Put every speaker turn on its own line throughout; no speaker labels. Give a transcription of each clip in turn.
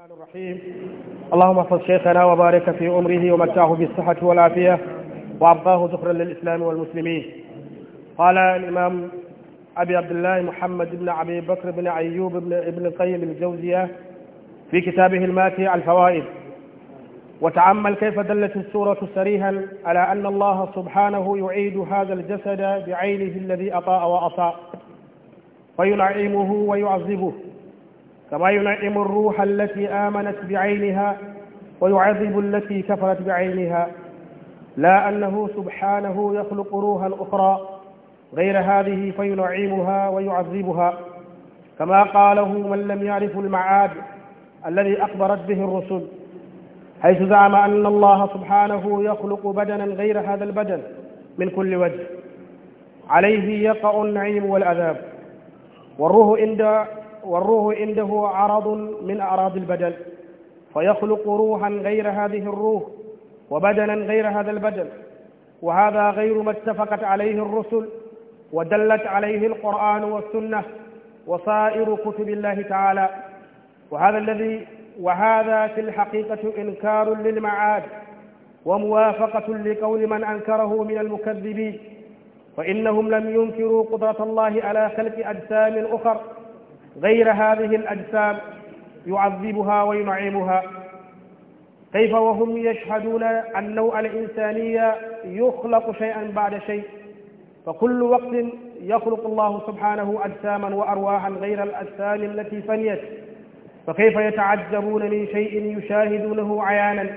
الرحمن الرحيم اللهم احفظ شيخنا وبارك في عمره ومتعه بالصحة والعافية وأبقاه ذخرا للإسلام والمسلمين قال الإمام أبي عبد الله محمد بن أبي بكر بن أيوب بن ابن القيم الجوزية في كتابه الماتي الفوائد وتعمل كيف دلت السورة سريها على أن الله سبحانه يعيد هذا الجسد بعينه الذي أطاء وأطاء فينعمه ويعذبه كما ينعم الروح التي آمنت بعينها ويعذب التي كفرت بعينها لا أنه سبحانه يخلق روحا أخرى غير هذه فينعمها ويعذبها كما قاله من لم يعرف المعاد الذي أخبرت به الرسل حيث زعم أن الله سبحانه يخلق بدنا غير هذا البدن من كل وجه عليه يقع النعيم والعذاب والروح والروح عنده عرض من أعراض البدن فيخلق روحا غير هذه الروح وبدنا غير هذا البدن وهذا غير ما اتفقت عليه الرسل ودلت عليه القرآن والسنة وسائر كتب الله تعالى وهذا الذي وهذا في الحقيقة إنكار للمعاد وموافقة لقول من أنكره من المكذبين فإنهم لم ينكروا قدرة الله على خلق أجسام أخرى غير هذه الأجسام يعذبها وينعمها كيف وهم يشهدون أن نوع الإنسانية يخلق شيئا بعد شيء فكل وقت يخلق الله سبحانه أجساما وأرواحا غير الأجسام التي فنيت فكيف يتعجبون من شيء يشاهدونه عيانا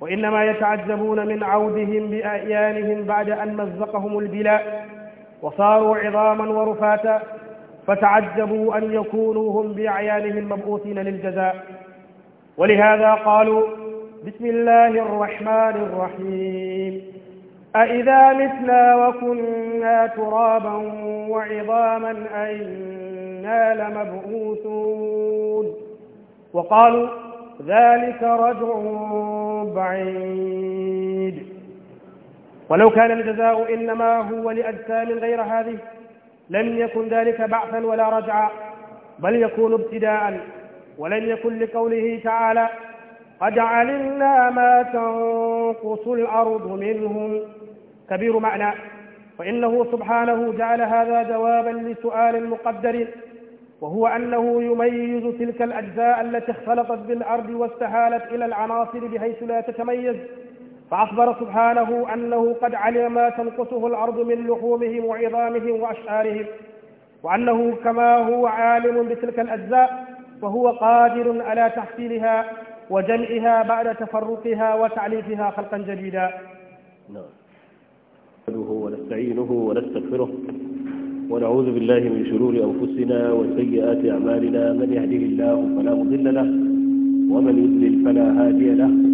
وإنما يتعجبون من عودهم بأعيانهم بعد أن مزقهم البلاء وصاروا عظاما ورفاتا فتعجبوا أن يكونوا هم بأعيانهم مبعوثين للجزاء ولهذا قالوا بسم الله الرحمن الرحيم أئذا متنا وكنا ترابا وعظاما أئنا لمبعوثون وقالوا ذلك رجع بعيد ولو كان الجزاء إنما هو لأجسام غير هذه لم يكن ذلك بعثا ولا رجعا بل يكون ابتداء ولم يكن لقوله تعالى قد علمنا ما تنقص الأرض منهم كبير معنى فإنه سبحانه جعل هذا جوابا لسؤال مقدر وهو أنه يميز تلك الأجزاء التي اختلطت بالأرض واستحالت إلى العناصر بحيث لا تتميز فأخبر سبحانه أنه قد علم ما تنقصه الأرض من لحومهم وعظامهم وأشعارهم وأنه كما هو عالم بتلك الأجزاء فهو قادر على تحصيلها وجمعها بعد تفرقها وتعليفها خلقا جديدا
نعم ونستعينه ونستغفره ونعوذ بالله من شرور أنفسنا وسيئات أعمالنا من يهده الله فلا مضل له ومن يضلل فلا هادي له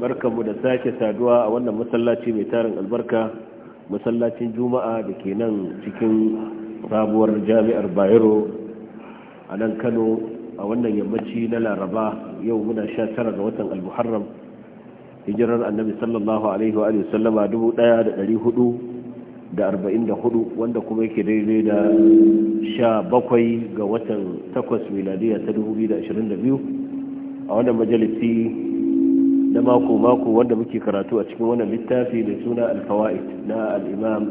barkanmu da sake saduwa a wannan masallaci mai tarin albarka masallacin juma'a da ke nan cikin sabuwar jami'ar bayero a nan kano a wannan yammaci na laraba yau muna sha tara ga watan albuharram hijirar annabi sallallahu alaihi wa sallama dubu daya da dari hudu da arba'in da hudu wanda kuma yake daidai da sha bakwai ga watan takwas miladiya ta dubu biyu da ashirin da biyu a wannan majalisi mako mako wanda muke karatu a cikin wannan littafi da suna alfawa'id na al-imam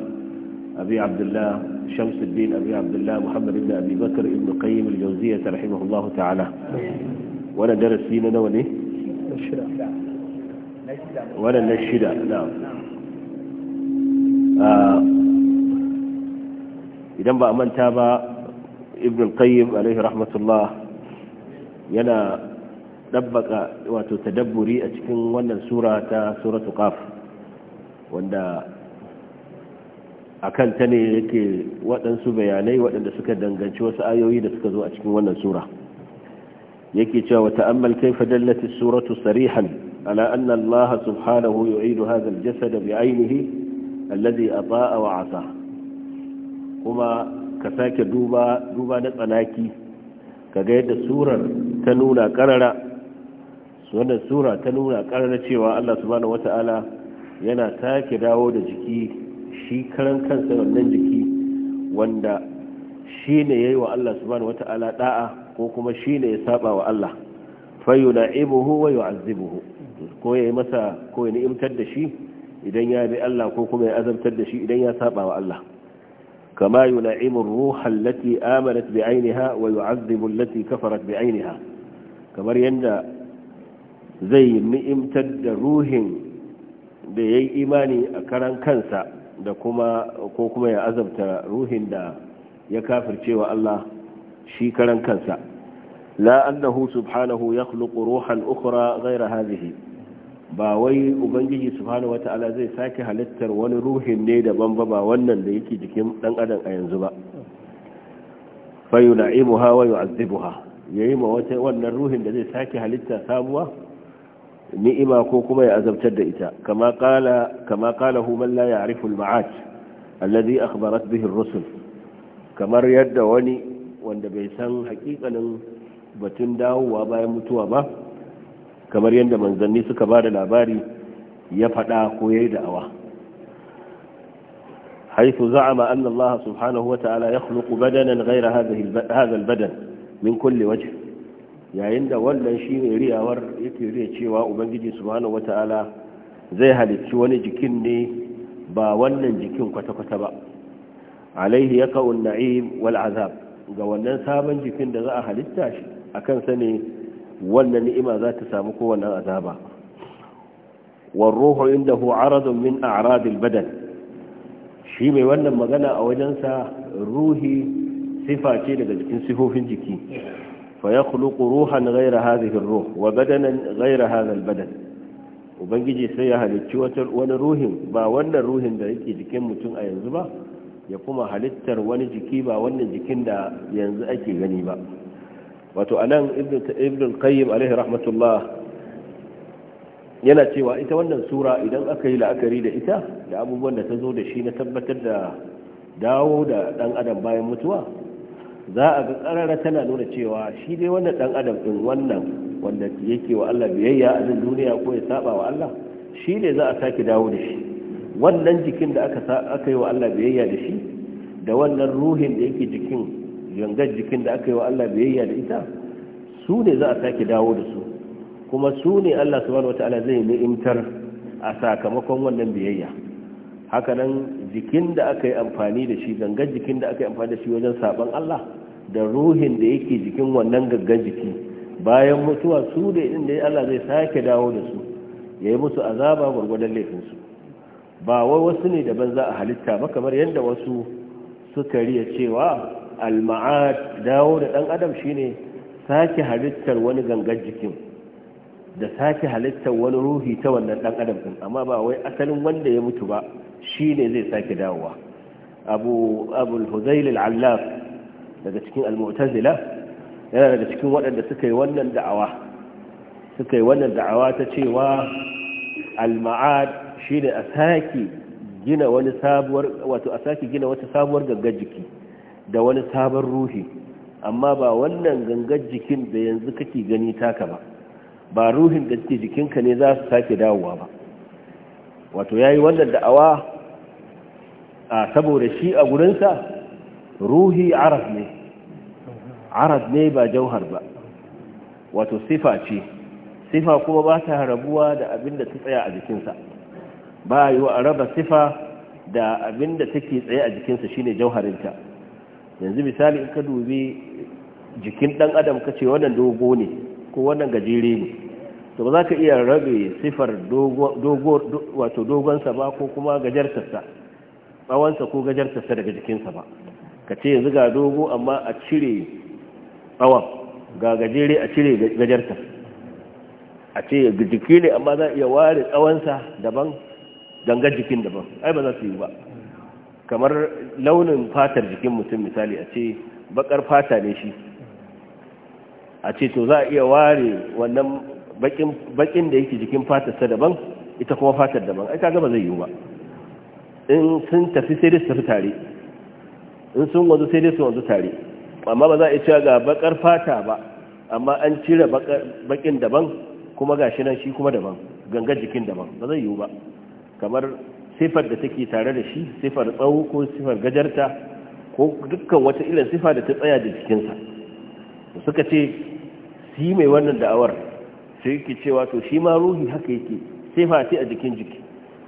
abi abdullah shamsuddin abi abdullah muhammad ibn abi bakr ibn qayyim al-jawziyya rahimahullahu ta'ala wannan darasi na nawa ne
wannan na shida
ah, idan ba a manta ba ibn qayyim alaihi rahmatullah yana dabbaka wato tadabburi a cikin wannan sura ta suratu qaf wanda akan ta ne yake waɗansu bayanai waɗanda suka danganci wasu ayoyi da suka zo a cikin wannan sura yake cewa ta'ammal kaifa dallat suratu sarihan ala anna Allah subhanahu yu'idu hadha al-jasad bi'aynihi alladhi ata'a wa 'asa kuma ka sake duba duba na tsanaki kaga yadda surar ta nuna karara wannan sura ta nuna ƙarar cewa Allah subhanahu wata'ala yana take dawo da jiki shi karan kansa wannan jiki wanda shi ne ya yi wa Allah subhanahu wata'ala da'a ko kuma shi ne ya saba wa Allah fayula'ibuhu wa yu'azzibuhu ko ya yi masa ko ya ni'imtar da shi idan ya bi Allah ko kuma ya azabtar da shi idan ya saba wa Allah kama yula'imu ruha allati amanat ainiha, wa yu'azzibu allati kafarat ainiha, kamar yanda zai ni'imtar da ruhin da ya yi imani a karan kansa da kuma ko kuma ya azabta ruhin da ya wa Allah shi karan kansa la annahu subhanahu yakhluqu ruhan ukhra ghayra hadhihi ba wai ubangiji subhanahu wataala zai sake halittar wani ruhin ne daban ba ba wannan da yake jikin dan adam a yanzu ba fayuna'imuha wa yu'adhibuha yayi ma wata wannan ruhin da zai sake halitta sabuwa ni'ima ko kuma ya azabtar da ita kama qala kama qalahu man la ya'rifu al-ma'at alladhi akhbarat bihi ar-rusul kamar yadda wani wanda bai san hakikanin batun dawowa bayan mutuwa ba kamar yadda manzanni suka bada labari ya faɗa ko haythu za'ama anna Allah subhanahu wa ta'ala yakhluqu badanan ghayra hadhihi hadha al-badan min kulli وجه yayin da wannan shi ne riyawar yake riya cewa ubangiji subhanahu wata'ala zai halicci wani jikin ne ba wannan jikin kwata-kwata ba alaihi ya ka'un na'im wal azab ga wannan sabon jikin da za a halitta shi a kansa ne wannan ni'ima za ta samu kowannan azaba والروح عنده عرض min أعراض badan shi mai wannan magana a wajensa ruhi sifa ce daga jikin sifofin jiki فيخلق روحا غير هذه الروح وبدنا غير هذا البدن ubangiji sai ya halicci wani ruhin ba wannan ruhin da yake jikin mutum a yanzu ba ya kuma halittar wani jiki ba wannan jikin da yanzu ake gani ba wato anan ibn qayyim alaihi rahmatullah yana cewa ita wannan sura idan aka yi la'akari da ita da abubuwan da ta zo da shi na tabbatar da dawo da dan adam bayan mutuwa za a ga karara tana nuna cewa shi dai wannan dan adam din wannan wanda yake wa Allah biyayya a cikin duniya ko ya saba wa Allah shi ne za a sake dawo da shi wannan jikin da aka aka yi wa Allah biyayya da shi da wannan ruhin da yake jikin gangar jikin da aka yi wa Allah biyayya da ita su ne za a sake dawo da su kuma su ne Allah subhanahu wataala zai ni'imtar a sakamakon wannan biyayya hakanan jikin da aka yi amfani da shi gangan jikin da aka yi amfani da shi wajen saban Allah da ruhin da yake jikin wannan gangan jiki bayan mutuwa su da inda Allah zai sake dawo da su ya yi musu azaba gwargwadon laifinsu ba wai wasu ne daban za a halitta ba kamar yadda wasu suka riya cewa alma'ad dawo da ɗan adam shine sake halittar wani gangan jikin da sake halittar wani ruhi ta wannan ɗan adam ɗin amma ba wai asalin wanda ya mutu ba shi ne zai sake dawowa abu abul huzail allaf daga cikin al-mu'tazila yana daga cikin waɗanda suka yi wannan da'awa suka yi wannan da'awa ta cewa al-ma'ad shi ne a sake gina wani sabuwar wato a sake gina wata sabuwar gangar jiki da wani sabon ruhi amma ba wannan gangar jikin da yanzu kake gani taka ba ba ruhin da jikinka ne za su sake dawowa ba wato yayi wannan da'awa a saboda shi a gurinsa ruhi arab ne arab ne ba jauhar ba wato sifa ce sifa kuma ba ta rabuwa da abin da ta tsaya a jikinsa ba yi wa raba sifa da abin da take tsaye a jikinsa shine jauharinta yanzu misali in ka dubi jikin ɗan adam ka ce wannan dogo ne ko wannan gajere ne to ba za ka iya rabe sifar wato dogonsa ba ko kuma gajartarsa tsawonsa ko gajartarsa daga jikinsa ba ka ce yanzu ga dogo amma a cire tsawon ga gajere a cire gajarta a ce jiki ne amma za a iya ware tsawonsa daban ganga jikin daban ai ba za su yi ba kamar launin fatar jikin mutum misali a ce bakar fata ne shi a ce to za a iya ware wannan bakin da yake jikin fatarsa daban ita kuma fatar daban ai kaga gaba zai yi ba in sun tafi sai dai su tafi tare in sun wanzu sai dai su wanzu tare amma ba za a cewa ga bakar fata ba amma an cire bakin daban kuma ga nan shi kuma daban gangar jikin daban ba zai yiwu ba kamar sifar da take tare da shi sifar tsawo ko sifar gajarta ko dukkan wata irin sifa da ta tsaya da jikinsa suka ce si mai wannan da'awar sai yake cewa to shi ma ruhi haka yake sifa ce a jikin jiki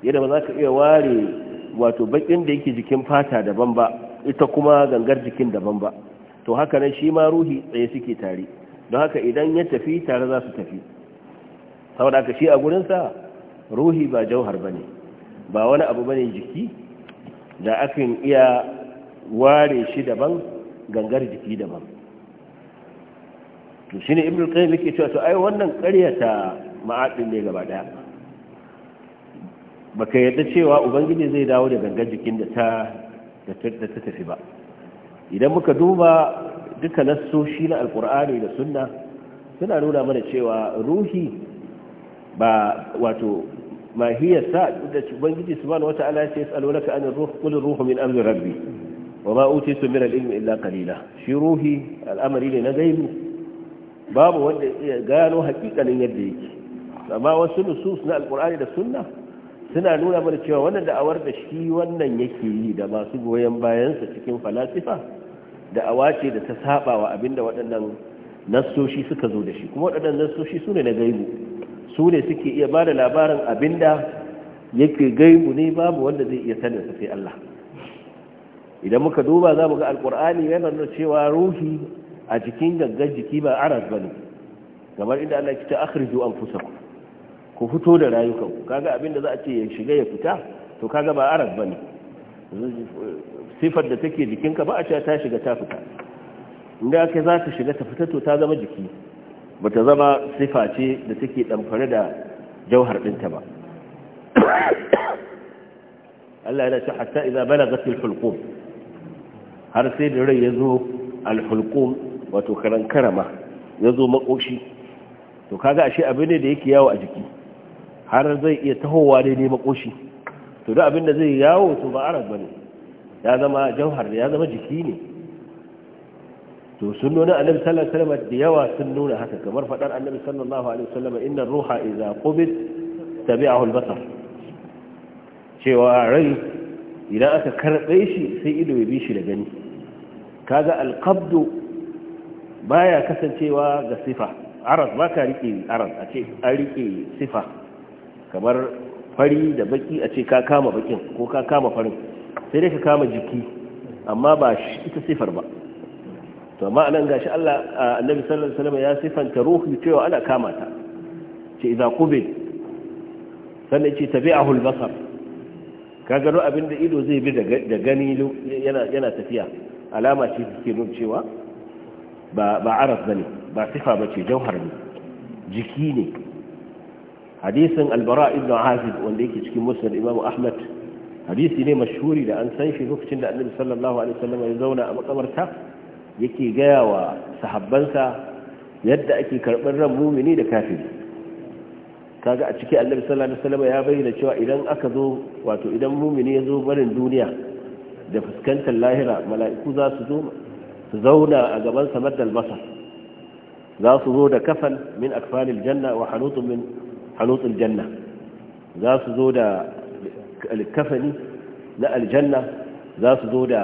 yadda ba za ka iya ware wato bakin da yake jikin fata daban ba ita kuma gangar jikin daban ba to haka nan shi ma ruhi tsaye suke tare don haka idan ya tafi tare za su tafi saboda haka shi a gurinsa ruhi ba jauhar ba ne ba wani abu ba ne jiki da akan iya ware shi daban gangar jiki daban to shi ne ibn qayyim yake cewa to ai wannan ƙaryata ma'adin ne gaba daya baka yarda cewa ubangiji zai dawo da gangan jikin da ta tafi ba idan muka duba duka shi na alkur'ani da sunna suna nuna mana cewa ruhi ba wato ma hiya sa da ubangiji subhanahu wata'ala ya ce yasalunaka an ruh qul ruhu min amri rabbi wa ma utitu min al-ilmi illa qalila shi ruhi al'amari ne na gaibi babu wanda ya gano hakikanin yadda yake amma wasu nusus na alkur'ani da sunna suna nuna mana cewa wannan da'awar da shi wannan yake yi da masu goyon bayansa cikin falasifa da awace da ta saba wa abinda waɗannan nassoshi suka zo da shi kuma waɗannan nassoshi su ne na gaibu su ne suke iya ba da labarin abinda yake gaibu ne babu wanda zai iya sanin sa sai Allah idan muka duba za mu ga alkur'ani yana nuna cewa ruhi a cikin gangan jiki ba aras bane kamar inda Allah ya ce akhrijū anfusakum ku fito da rayukanku kaga abin da za a ce ya shiga ya fita to kaga ba aras ba ne sifar da take jikinka ba a ce ta shiga ta fita inda aka za ta shiga ta fita to ta zama jiki ba ta zama sifa ce da take ɗamfare da jauhar ɗinta ba Allah yana ce hatta idza balagat zafi hulqum har sai da rai yazo al-hulqum wato karan karama yazo makoshi to kaga ashe abu ne da yake yawo a jiki har zai iya tahowa daidai makoshi to da abinda zai yawo to ba arab bane ya zama jauhar ya zama jiki ne to sun nuna annabi sallallahu alaihi wasallam da yawa sun nuna haka kamar fadar annabi sallallahu alaihi wasallam inna ruha idza qubit tabi'ahu al-basar cewa rai idan aka karbe shi sai ido ya bi shi da gani kaga al baya kasancewa ga sifa aras ba ka rike aras a ce an rike sifa kamar fari da baki a ce ka kama bakin ko ka kama farin sai dai ka kama jiki amma ba shi ita sifar ba to amma anan gashi Allah annabi sallallahu alaihi wasallam ya sifanta ruhi cewa ana kama ta ce idza qubil sannan ce tabi'ahu al-basar ka gano abin da ido zai bi da gani yana yana tafiya alama ce take nuna cewa ba ba araf bane ba sifa bace jauhar ne jiki ne hadisin albara ibn hafid wanda yake cikin musnad imamu ahmad hadisi ne mashhuri da an san shi lokacin da annabi sallallahu alaihi wasallam ya zauna a makabarta yake gaya wa sahabbansa yadda ake karɓar ran mumini da kafiri kaga a ciki annabi sallallahu alaihi wasallam ya bayyana cewa idan aka zo wato idan mumini ya zo barin duniya da fuskantar lahira mala'iku za su zo su zauna a gaban samar da masar za su zo da kafan min akfanil janna wa hanutun min hanutsul janna za su zo da alkafani na aljanna za su zo da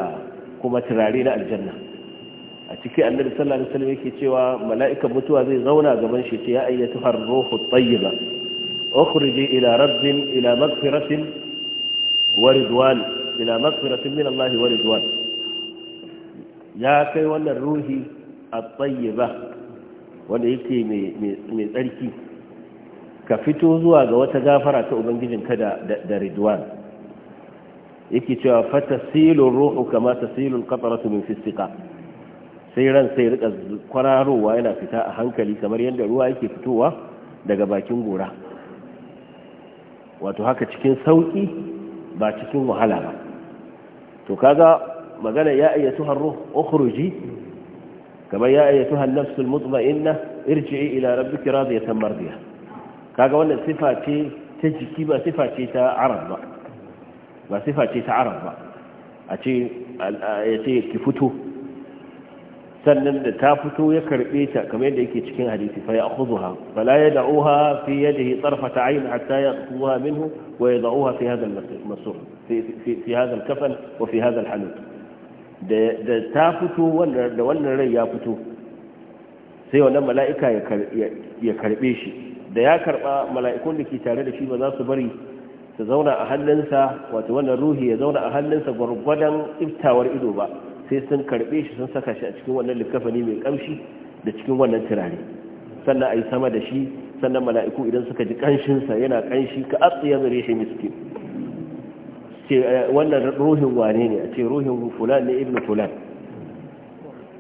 kuma turare na aljanna a cikin annabi sallallahu alaihi wasallam yake cewa mala'ikan mutuwa zai zauna gaban shi ce ya ayyatu harruhu tayyiba ukhriji ila rabbin ila maghfiratin wa ridwan ila maghfiratin min Allah wa ridwan ya kai wannan ruhi at-tayyiba wanda yake mai tsarki ka fito zuwa ga wata gafara ta ubangijinka da da ridwan yake cewa fatasilu ruhu kama tasilu alqatratu min fisqa sai ran sai rika kwararowa yana fita a hankali kamar yadda ruwa yake fitowa daga bakin gora wato haka cikin sauki ba cikin wahala ba to kaga magana ya ayyatu harruh ukhruji kamar ya ayyatu an-nafsul mutma'inna irji'i ila rabbiki radiyatan mardiyah kaga wannan sifa ce ta jiki ba sifa ce ta arab ba ba sifa ce ta arab ba a ce ya ce ki fito sannan da ta fito ya karbe ta kamar yadda yake cikin hadisi fa ya akhudha fa la yad'uha fi yadihi tarfata ayn hatta yaqtuha minhu wa yad'uha fi hadha al-masur fi fi hadha al-kafan wa fi hadha al-hanut da da ta fito wannan da wannan rai ya fito sai wannan mala'ika ya karbe shi da ya karba mala'ikun da ke tare da shi ba za su bari su zauna a hannunsa wato wannan ruhi ya zauna a hannunsa gwargwadon iftawar ido ba sai sun karbe shi sun saka shi a cikin wannan likafani mai kamshi da cikin wannan turare sannan a yi sama da shi sannan mala'iku idan suka ji sa yana kanshi ka atsiya zare shi miskin eh, wannan ruhin wane ne a ce ruhin fulan ne ibn fulan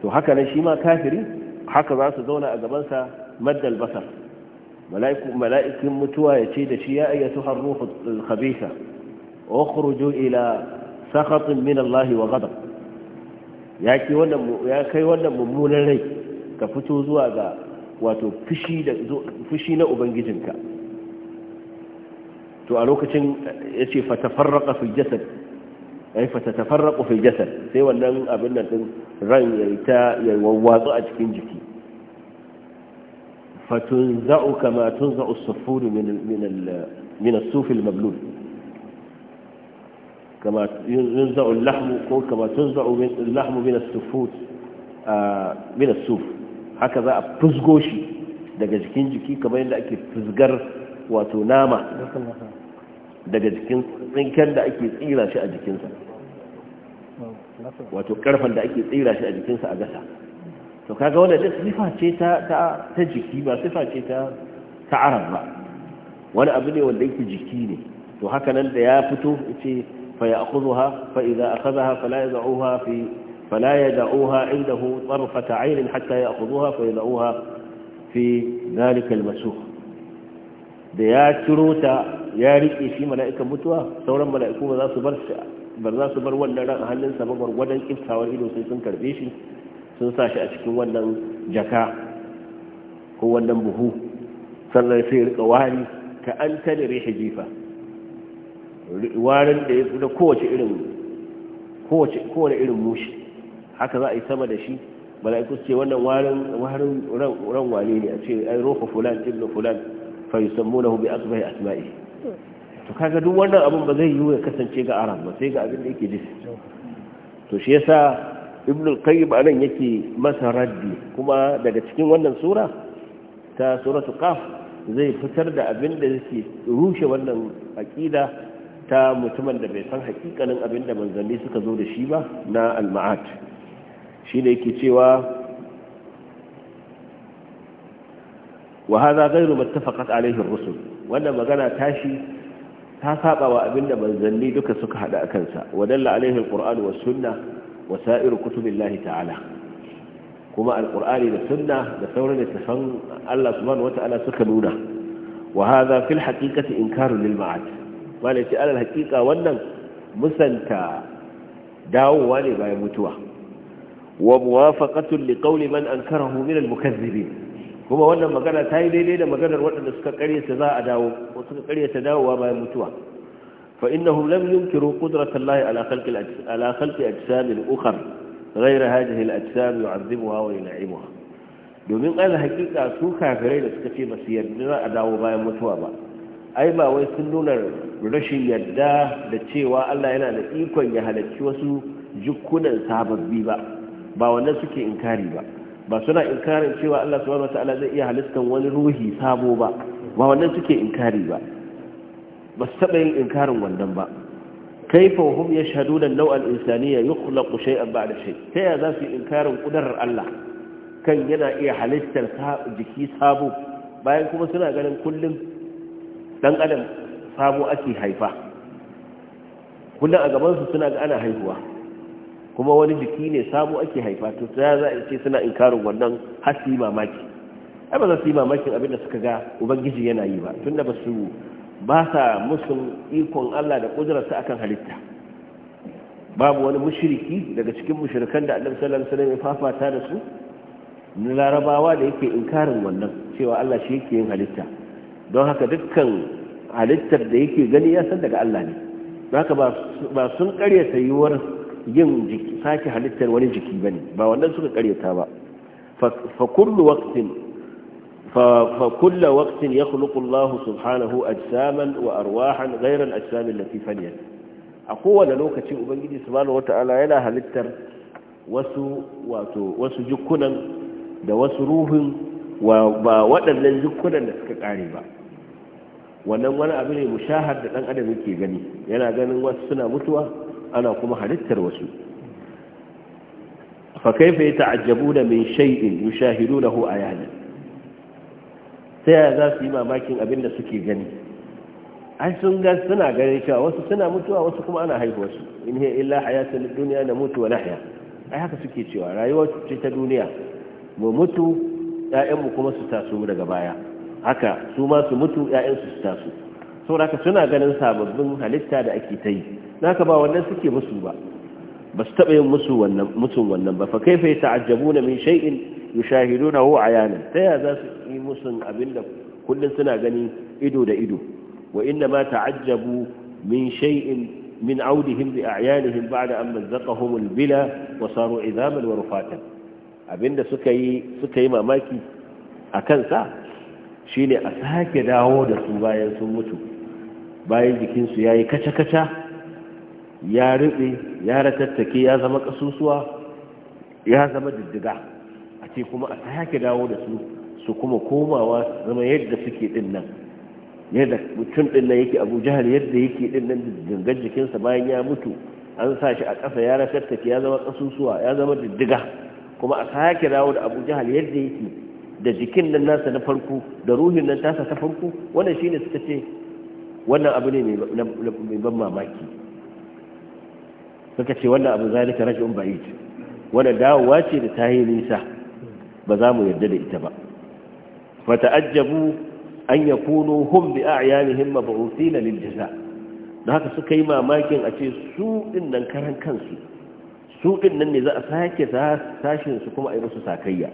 to haka nan shi ma kafiri haka za su zauna a gabansa maddal basar mala'ikin mutuwa ya ce da shi ya ayyatu harruhu al-khabitha ukhruju ila sakhatin min Allah wa ghadab ya ki wannan ya kai wannan mummunan rai ka fito zuwa ga wato fushi da fushi na ubangijinka to a lokacin yace fatafarraqa fi jasad ai fatatafarraqu fi jasad sai wannan abin nan din ran yayi ta yayi wawwatsu a cikin jiki فتنزع كما تنزع الصفور من ال من ال من الصوف المبلول كما ينزع اللحم كما تنزع اللحم من الصفور من الصوف هكذا أبتزغوشي daga jikin jiki kamar yadda ake fuzgar wato nama daga jikin tsinken da ake tsira shi a jikinsa wato karfan da ake tsira shi a jikinsa a gasa to kaga wannan duk sifa ce ta ta jiki ba sifa ce ta ta arab ba wani abu ne wanda yake jiki ne to haka nan da ya fito yace fa ya'khudha fa idza akhadha fala yad'uha fi fala yad'uha indahu tarfata 'ayn hatta ya'khudha fa yad'uha fi dhalika al-masukh da ya ciro ta ya rike shi mala'ikan mutuwa sauran mala'iku ba za su bar shi ba za su bar wannan ran a hannunsa ba gwargwadon kiftawar ido sai sun karbe shi sun sa shi a cikin wannan jaka ko wannan buhu sannan sai rika wari ka an tani rihi jifa warin da ya da kowace irin kowace kowane irin mushi haka za a yi sama da shi mala'iku ce wannan warin warin ran wani ne a ce ai rofa fulan ibnu fulan fa yusammunahu bi asbahi asma'i to kaga duk wannan abin ba zai yiwu ya kasance ga arab ba sai ga abin da yake jisi to shi yasa ibn al-qayyim anan yake masa raddi kuma daga cikin wannan sura ta suratu qaf zai fitar da abin da yake rushe wannan aqida ta mutumin da bai san hakikanin abin da manzanni suka zo da shi ba na al-ma'at shine yake cewa wa hadha ghayru muttafaqat alayhi ar-rusul wannan magana tashi ta saba wa abinda manzanni duka suka hada a kansa wadalla alaihi alquran was sunna wa sa'iru kutubillahi ta'ala kuma Alƙur'ani da sunna da sauran littafan Allah subhanahu wata'ala suka nuna wa hadha fil in inkaru lil ma'ad wala ta alal haqiqa wannan musanta dawowa ne bayan mutuwa wa muwafaqatu li qawli man ankarahu min al mukaththibin kuma wannan magana ta yi daidai da maganar waɗanda suka karyata za a dawo suka karyata dawowa bayan mutuwa فإنهم لم ينكروا قدرة الله على خلق على خلق أجسام أخر غير هذه الأجسام يعذبها وينعمها domin al hakika su kafirai da suka ce ba su yarda za a dawo bayan mutuwa ba ai ba wai sun nuna rashin yarda da cewa Allah yana da ikon ya halarci wasu jukunan sababbi ba ba wannan suke inkari ba ba suna inkarin cewa Allah subhanahu zai iya halittar wani ruhi sabo ba ba wannan suke inkari ba ba su taɓa yin inkarin wannan ba kaifa hum yashhaduna an-naw' al-insaniya yukhlaqu shay'an ba'da shay ta ya za su inkarin kudarar Allah kan yana iya halittar jiki sabo bayan kuma suna ganin kullum dan adam sabo ake haifa kullum a gaban su suna ga ana haihuwa kuma wani jiki ne sabo ake haifa to ta za a ce suna inkarin wannan hasi mamaki ai ba za su yi mamakin abin da suka ga ubangiji yana yi ba tunda ba su ba sa musu ikon Allah da ƙudurarsa akan halitta babu wani mushiriki daga cikin mushirikan da Allah sallallahu alaihi wasallam ya fafata da su na larabawa da yake inkarin wannan cewa Allah shi yake yin halitta don haka dukkan halittar da yake gani ya san daga Allah ne haka ba sun karyata yiwuwar yin sake halittar wani jiki bane ba wannan suka karyata ba fa kullu waqtin فكل وقت يخلق الله سبحانه أجساما arwahan gairan الأجسام التي فنيت أقوى لوك شيء أبنجي سبحانه وتعالى يلا هلتر wasu wato wasu jukkunan da wasu ruhun ba waɗannan jukkunan da suka kare ba wannan wani abu ne mushahar da ɗan adam yake gani yana ganin wasu suna mutuwa ana kuma halittar wasu fa da yata'ajjabuna min shay'in a ayatan ta yaya za su yi mamakin abin da suke gani an sun ga suna gani cewa wasu suna mutuwa wasu kuma ana haihuwa su in he illa hayatul dunya na mutu wa nahya ai haka suke cewa rayuwar ce ta duniya mu mutu ya'yanmu kuma su taso daga baya haka su ma su mutu ya'yansu su taso saboda suna ganin sababbin halitta da ake ta yi naka ba wannan suke musu ba ba su taɓa yin musu wannan mutum wannan ba fa kaifa ta'ajjabuna min shay'in a ayanan ta ya za su yi musu abinda kullun suna gani ido da ido wa inna ma ta'ajjabu min shay'in min audihim bi a'yanihim ba'da an mazzaqahum al-bila wa saru idaman wa rufatan abinda suka yi suka yi mamaki akan sa shine a sake dawo da su bayan sun mutu bayan jikinsu yayi kaca-kaca ya rube ya ratattake ya zama kasusuwa ya zama diddiga a ce kuma a sake dawo da su su kuma komawa su zama yadda suke din nan yadda mutum din nan yake abu jihar yadda yake din nan gangan jikinsa bayan ya mutu an sa shi a ƙasa ya ratattake ya zama ƙasusuwa ya zama diddiga kuma a sake dawo da abu jihar yadda yake da jikin nan nasa na farko da ruhin nan tasa ta farko wannan shine suka ce wannan abu ne mai ban mamaki suka ce wannan abu zalika rajin ba'id wannan dawowa ce da ta yi nisa ba za mu yarda da ita ba fata'ajjabu an yakunu hum bi ba mab'uthina na jaza da haka suka yi mamakin a ce su din nan karan kansu su din nan ne za a sake sashin su kuma a yi musu sakayya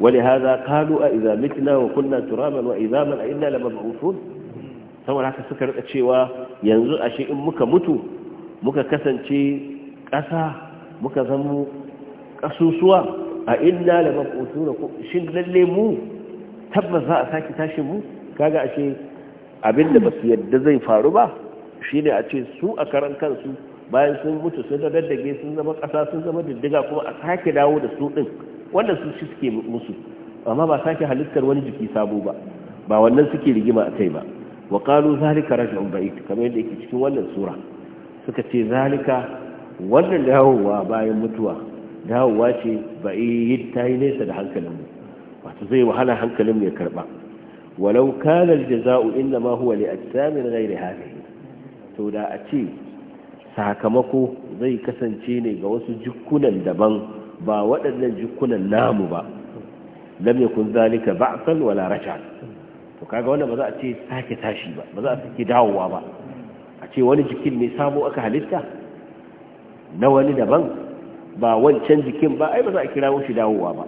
ولهذا قالوا أئذا متنا وكنا ترابا a أئنا لمبعوثون saboda haka suka rika cewa yanzu ashe in muka mutu muka kasance ƙasa muka zama ƙasusuwa a inna la mab'utuna shin lalle mu tabbas za a saki tashin mu kaga a ce abinda su yadda zai faru ba shine a ce su a karan kansu bayan sun mutu sun daddage sun zama ƙasa sun zama diddiga kuma a sake dawo da su din wanda su shi suke musu amma ba sake halittar wani jiki sabo ba ba wannan suke rigima a kai ba wa qalu zalika rajul ba'id kamar yadda yake cikin wannan sura suka ce zalika wannan dawowa bayan mutuwa dawowa ce ba yi ta yi nesa da hankalinmu wato zai wahala hankalinmu ya karba walau kana aljaza'u inna ma huwa li ajsamin ghairi hadhihi to da a ce sakamako zai kasance ne ga wasu jikunan daban ba waɗannan jikunan namu ba lam yakun zalika ba'san wala rasha. to kaga wannan ba za a ce sake tashi ba ba za a sake dawowa ba a ce wani jikin ne sabo aka halitta na wani daban ba wancan jikin ba ai ba za a kirawo shi dawowa ba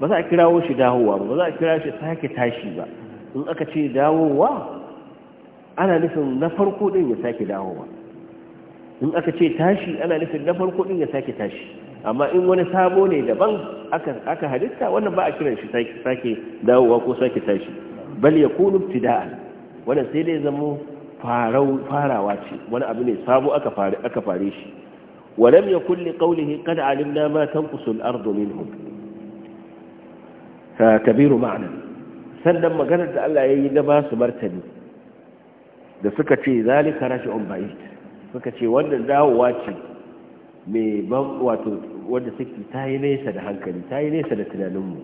ba za a kirawo shi dawowa ba za a kira shi sake tashi ba in aka ce dawowa ana nufin na farko din ya sake dawowa in aka ce tashi ana nufin na farko din ya sake tashi amma in wani sabo ne daban aka halitta wannan ba a kiran shi sake dawowa ko sake tashi bal ya kunu ibtida'an wannan sai dai zamo farawa ce wani abu ne sabo aka fare shi ولم يكن لقوله قد علمنا ما تنقص الأرض منهم فكبير معنى sannan maganar da Allah ya yi na ba martani da suka ce zalika rashin ba'id suka ce wannan dawowa ce mai ban wato wanda suke ta yi nesa da hankali ta yi nesa da tunaninmu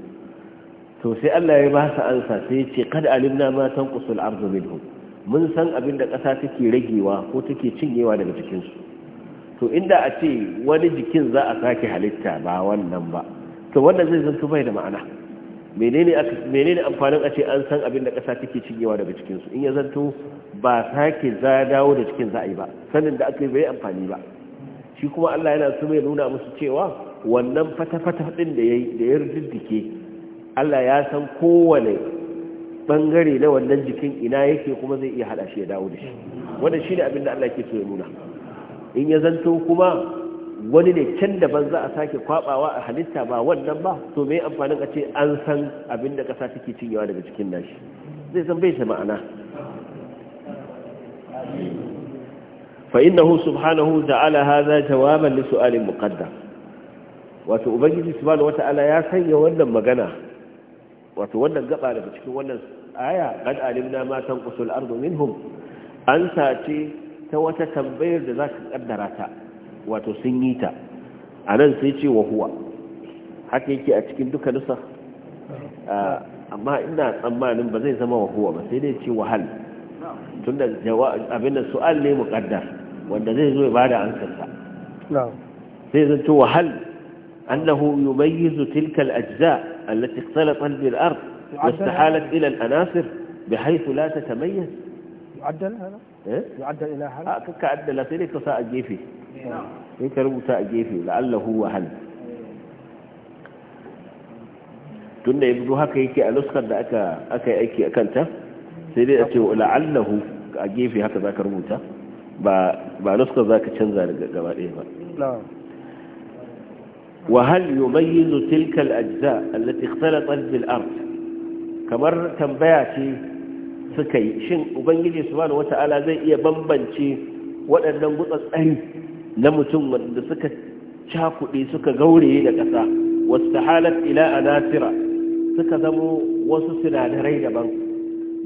to sai Allah ya ba su ansa sai ya ce kada alimna ma tanqusul ardu minhum mun san abin da ƙasa take ragewa ko take cinyewa daga cikinsu to inda a ce wani jikin za a sake halitta ba wannan ba to wannan zai zanto bai da ma'ana menene amfanin a ce an san abin da ƙasa take cinyewa daga cikinsu in ya zanto ba sake za dawo da cikin za a yi ba sanin da aka yi bai amfani ba shi kuma allah yana su mai nuna musu cewa wannan fata-fata ɗin da ya diddike, allah ya san kowane ɓangare na wannan jikin ina yake kuma zai iya haɗa shi ya dawo da shi wannan shi ne abin da allah ke so ya nuna in ya zanto kuma wani ne can daban za a sake kwabawa a halitta ba wannan ba to me amfanin a ce an san abin da kasa take cinyewa daga cikin nashi zai san bai ma'ana fa innahu subhanahu ta'ala hadha jawaban li su'alin muqaddam wato ubangiji subhanahu wata'ala ya sanya wannan magana wato wannan gaba daga cikin wannan aya qad alimna ma tanqusul ardu minhum an sace ta wata tambayar da za ka kaddara ta wato sun yi ta a nan sai ce wa huwa haka yake a cikin duka nusa amma ina tsammanin ba zai zama wa huwa ba sai dai ce wahal tun da abin da su'al ne mu kaddar wanda zai zo ya bada sassa sai zan ce wahal annahu yumayyizu tilkal ajza allati ikhtalatat bil ard واستحالت إلى الأناصر بحيث لا تتميز
يعدل هذا yu'adda ka
hal a kakka addala sai dai ka sa a gefe sai ka rubuta a gefe la'allahu wa hal tunda yanzu haka yake a nuskar da aka yi aiki a kanta sai dai a ce la'allahu a gefe haka za ka rubuta ba ba za ka canza daga gaba ɗaya
ba
وهل يميز تلك الأجزاء التي اختلطت بالأرض كمر تنبيعتي suka yi shin ubangiji subhanahu wata'ala zai iya bambance waɗannan gutsatsari na mutum wanda suka cakuɗe suka gauraye da ƙasa wasu halar ila a nasira suka zamo wasu sinadarai daban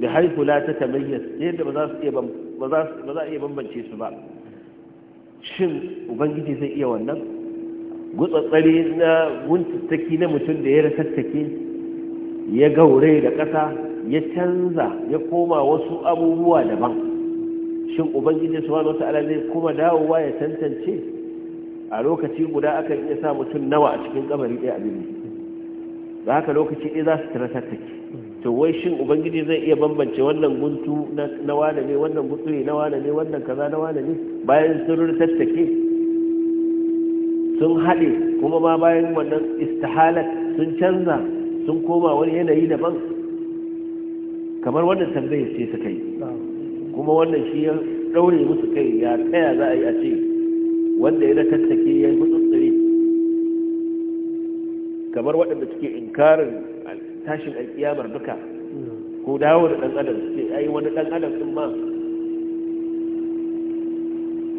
da haifu la ta tamayyas yadda ba za a iya bambance su ba shin ubangiji zai iya wannan gutsatsari na guntattaki na mutum da ya rasattake ya gaure da ƙasa ya canza ya koma wasu abubuwa daban shin ubangiji su wani wataala zai kuma dawowa ya tantance a lokaci guda akan iya sa mutum nawa a cikin kamari ɗaya abin da haka lokaci ɗaya za su taratattake to wai shin ubangiji zai iya bambance wannan guntu na wane ne wannan ne na wane ne wannan kaza na wane ne bayan sun tattake sun haɗe kuma ma bayan wannan istihalat sun canza sun koma wani yanayi daban kamar wannan tambayar ce ta kai kuma wannan shi ya daure musu kai ya kaya za a yi a ce wanda ya da tattake ya yi gutsutsuri kamar waɗanda suke inkarin tashin alkiyamar duka ko dawo da ɗan adam suke ai wani dan adam ɗin ma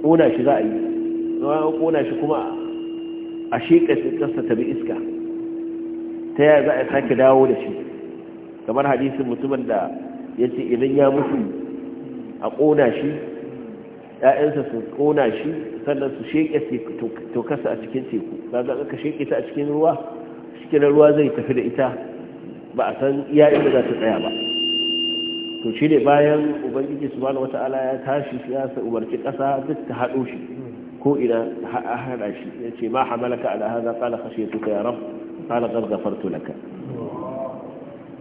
ƙona shi za a yi zuwa ƙona shi kuma a sheƙa ƙasa ta bi iska ta yaya za a sake dawo da shi kamar hadisin mutumin da ya ce idan ya mutu a ƙona shi ‘ya'yansa su ƙona shi sannan su sheƙe tokarsa a cikin teku kaga aka sheƙe ta a cikin ruwa cikin ruwa zai tafi da ita ba a san iya inda za tsaya ba to shi ne bayan ubangiji su bala wata ala ya tashi ya sa umarci ƙasa duk ta haɗo shi ko ina haɗa shi ya ce ma hamalaka ala haza qala khashiyatuka ya rabb qala qad ghafartu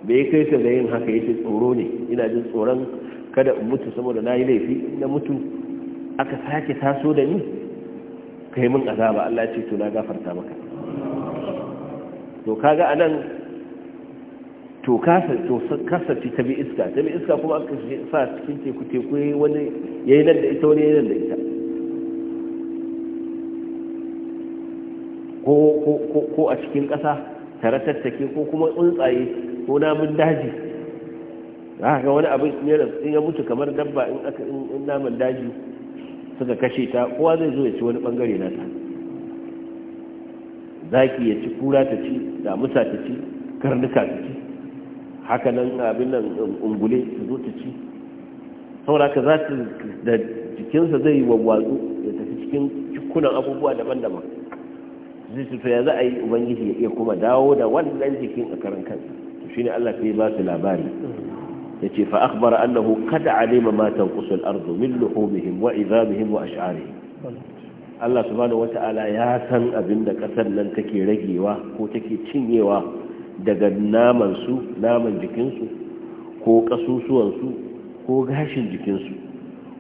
me ya kai ta da yin haka yace tsoro ne ina jin tsoron kada in mutu saboda na yi laifi na mutu aka sake taso da ni kai min azaba Allah ce to na gafarta maka to kaga anan to kasa to kasa ce ta bi iska ta bi iska kuma aka sa cikin teku teku wani yayi nan da ita wani yayi nan da ita ko ko ko a cikin ƙasa tare tattake ko kuma tsuntsaye ko namun daji za ga wani abin in ya mutu kamar dabba in aka in naman daji suka kashe ta kowa zai zo ya ci wani bangare na ta zaki ya ci kura ta ci damusa ta ci karnuka ta ci haka abin nan um, ungule su zo ta ci sauraka za ta da jikinsa zai yi wawwatsu ya tafi cikin cikunan abubuwa daban-daban zai to ya za a yi ubangiji ya iya kuma dawo da wannan jikin a karan kansa shine Allah sai ba su labari yace fa akhbara annahu kada alima ma tanqusu al-ardu min luhumihim wa idhamihim wa ash'arihim Allah subhanahu wata'ala ya san abinda kasar nan take ragewa ko take cinyewa daga naman su naman jikin su ko kasusuwan su ko gashin jikin su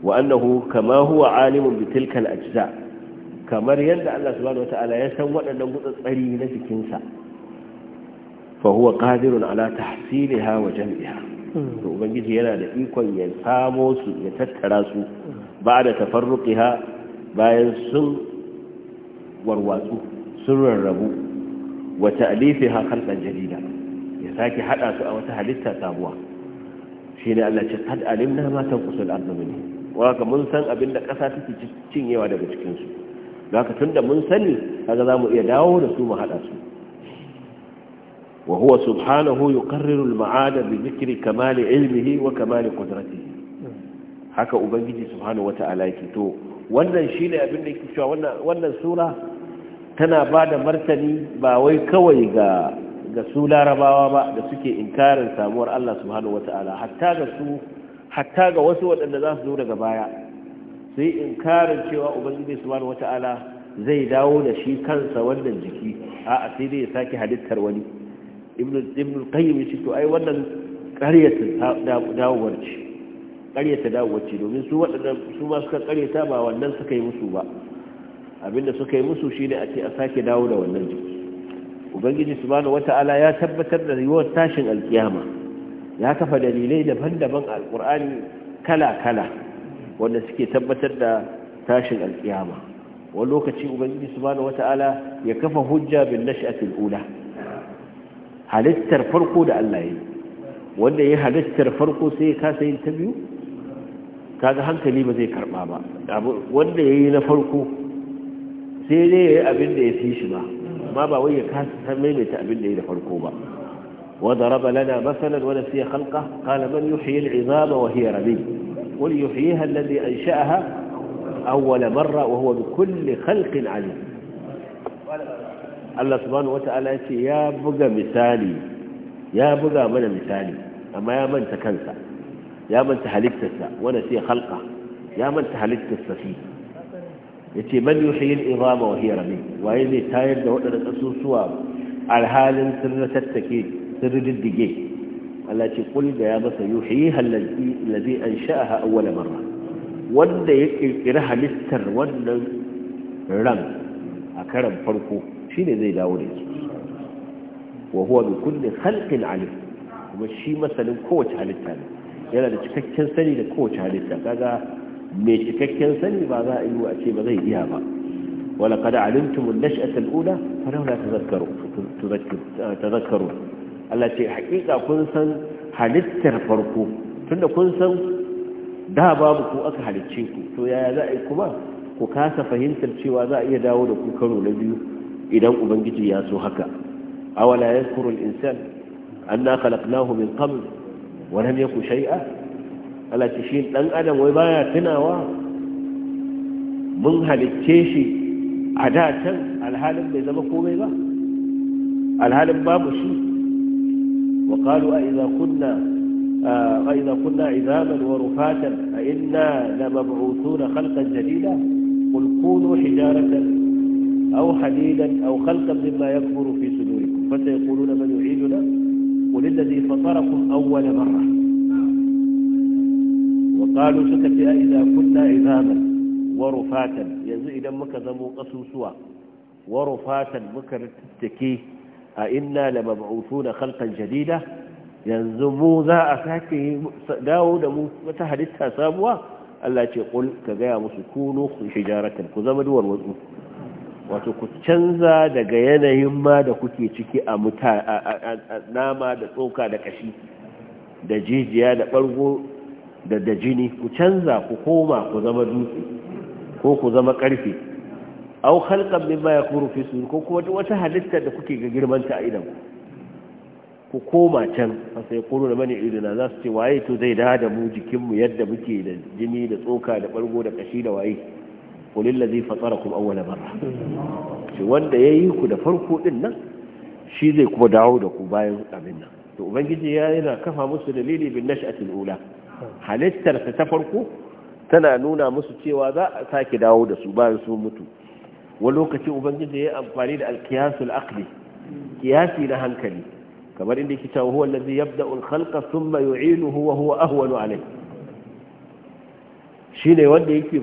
wa annahu kama huwa alimun bi tilka al-ajza kamar yadda Allah subhanahu wata'ala ya san waɗannan gutsatsari na jikinsa sa fa huwa qadirun ala tahsilha wa hmm. ubangiji yana da ikon ya samo su ya tattara su ba da tafarruqiha bayan sun warwatsu sun rarrabu wa ta'lifiha khalqan jarida ya sake haɗa su a wata halitta sabuwa shine Allah ce kad alimna ma tanqusul ardu minhu wa mun san abin da kasa take cinyewa daga cikinsu su haka tunda mun sani kaga zamu iya dawo da su mu haɗa su وهو سبحانه يقرر المعاد بذكر كمال علمه وكمال قدرته haka ubangiji subhanahu wata'ala yake to wannan shine abin da yake cewa wannan wannan sura tana bada martani ba wai kawai ga su larabawa ba da suke inkarin samuwar Allah subhanahu wata'ala hatta ga su hatta ga wasu waɗanda za su zo daga baya su yi inkarin cewa ubangiji subhanahu wata'ala zai dawo da shi kansa wannan jiki a'a sai dai ya sake halittar wani ibn qayyim yace to ai wannan ƙaryata dawowar ce ƙaryata dawowar ce domin su waɗannan su ma suka ƙaryata ba wannan suka yi musu ba abinda suka yi musu shine a ce a sake dawo da wannan jiki ubangiji subhanahu wata'ala ya tabbatar da yiwuwar tashin alkiyama ya kafa dalilai daban-daban a alkur'ani kala-kala wanda suke tabbatar da tashin alkiyama wani lokaci ubangiji subhanahu wata'ala ya kafa hujja bin nash'atil ula halittar farko da Allah ya yi wanda ya halittar farko sai ka sai ta biyu kaga hankali ba zai karba ba wanda ya yi na farko sai dai ya yi abin da ya fi shi ba amma ba wai ya kasa san maimaita abin da ya yi da farko ba وضرب لنا مثلا ونسي خلقه قال من يحيي العظام وهي رميم قل يحييها الذي أنشأها أول مرة وهو بكل خلق عليم Allah subhanahu wata'ala ya ce ya buga misali ya buga mana misali amma ya manta kansa ya manta halittarsa wanda sai halka ya manta halittarsa fi ya ce man yuhyi al-idama wa hiya rami waye ne tayar da wadannan kasusuwa alhalin sirra tattake sirri diddige Allah ce kul da ya masa yi yuhyiha allazi allazi ansha'aha awwala marra wanda ya kirkiri halittar wannan ran a karan farko shine zai dawo da su wa huwa bi kulli khalqin alim kuma shi masalin kowace halitta ne yana da cikakken sani da kowace halitta kaga mai cikakken sani ba za a yi a ce ba zai iya ba wala kada alimtum an-nash'ata al-ula falawla tadhakkaru uh, tadhakkaru Allah ce hakika kun san halittar farko tunda kun san da babu ku aka halicce ku to yaya za a yi kuma ku kasa fahimtar cewa za a iya dawo da ku karo na biyu idan ubangiji ya so haka awala yadhkuru al-insan anna khalaqnahu min qabl wa lam yakun shay'a ala tishin dan adam wai baya tunawa mun halicce shi a da can alhalin bai zama komai ba alhalin babu shi wa qalu a idza kunna a idza kunna idaman wa rufatan a inna la mab'uthuna khalqan jadida qul kunu hijaratan أو حديدا أو خلقا مما يكبر في صدوركم فسيقولون من يعيدنا قل الذي فطركم أول مرة وقالوا سكت إذا كنا عظاما ورفاتا يزو إذا مكذبوا قصوصوا ورفاتا تتكي أئنا لمبعوثون خلقا جديدا ينزموا ذا أساكه داود متهدتها سابوا الله يقول كذا مسكونوا حجارة كذا مدور وزنوا wato ku canza daga yanayin ma da kuke ciki a nama da tsoka da kashi da jijiya da ɓargo da da jini ku canza ku koma ku zama dutse ko ku zama ƙarfe au halkan ma ya kuru fi su ko kuma wata halitta da kuke ga girmanta a idan ku koma can a sai kuru da mani na za su ce waye to zai da mu jikinmu yadda muke da jini da tsoka da ɓargo da kashi da waye kulil ladhi kuma awwala marra shi wanda yayi ku da farko din nan shi zai kuma dawo da ku bayan abin nan to ubangiji ya yana kafa musu dalili bin nash'atil ula halittar ta farko tana nuna musu cewa za a sake dawo da su bayan sun mutu Wa lokaci ubangiji ya amfani da alkiyasul aqli kiyasi na hankali kamar inda yake cewa huwa allazi yabda'u al-khalqa thumma yu'inuhu wa huwa ahwanu alayhi shi ne wanda yake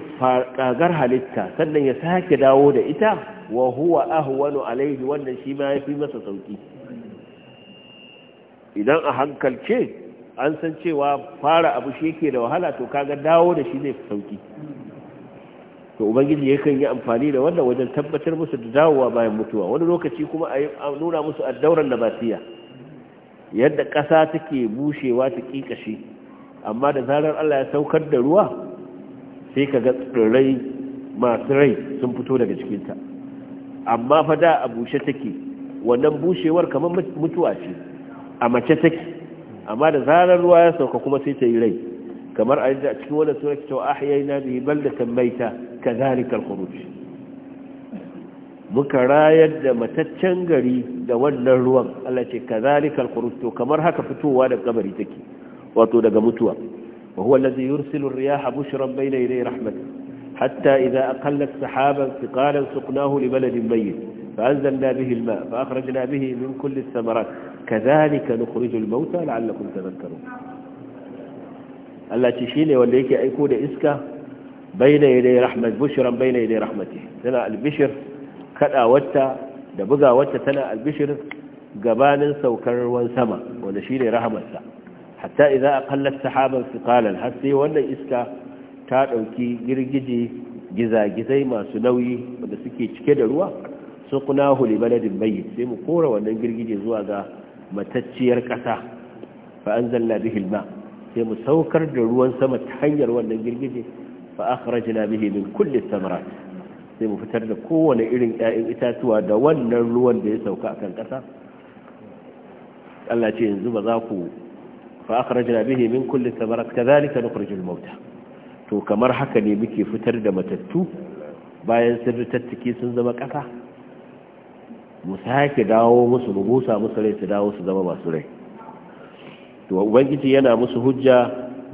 kagar halitta sannan ya sake dawo da ita wa huwa ahwanu alaihi wannan shi ma ya fi masa sauki idan a hankalce an san cewa fara abu shi yake da wahala to kaga dawo da shi zai sauki to ubangiji yakan yi amfani da wannan wajen tabbatar musu da dawowa bayan mutuwa wani lokaci kuma a nuna musu addauran basiya. yadda ƙasa take bushewa ta ƙiƙashi amma da zarar Allah ya saukar da ruwa sai ka ga tsirrai masu rai sun fito daga cikinta amma fada a bushe take wannan bushewar kamar mutuwa ce a mace take amma da zarar ruwa ya sauka kuma sai ta yi rai kamar a yadda a cikin wannan sura ta ahyayna bihi baldatan maita kadhalika al muka rayar da mataccen gari da wannan ruwan Allah ce ka zari to kamar haka fitowa da kabari take wato daga mutuwa وهو الذي يرسل الرياح بشرا بين يدي رحمته حتى إذا أقلت سحابا ثقالا سقناه لبلد ميت فأنزلنا به الماء فأخرجنا به من كل الثمرات كذلك نخرج الموتى لعلكم تذكرون الله تشيني وليك يكون إسكا بين يدي رحمة بشرا بين يدي رحمته سنة البشر كدا وتا دبغا وتا سنة البشر قبان سوكر وانسما ونشين رحمة سنة hatta a aqallat sahaban thiqalan har sai wannan iska ta ɗauki girgije gizagizai masu nauyi wanda suke cike da ruwa suqnahu li baladin mayyit sai mu kora wannan girgije zuwa ga matacciyar ƙasa fa zalla bihi alma sai mu saukar da ruwan sama ta hanyar wannan girgije fa akhrajna bihi min kulle thamarat sai mu fitar da kowane irin ƴaƴan itatuwa da wannan ruwan da ya sauka akan kasa Allah ce yanzu ba za ku فأخرجنا به من كل الثمرات كذلك نخرج الموتى to kamar haka ne muke fitar da matattu bayan sun ritattake sun zama ƙasa mu sake dawo musu mu busa musu rai su dawo su zama masu rai ubangiji yana musu hujja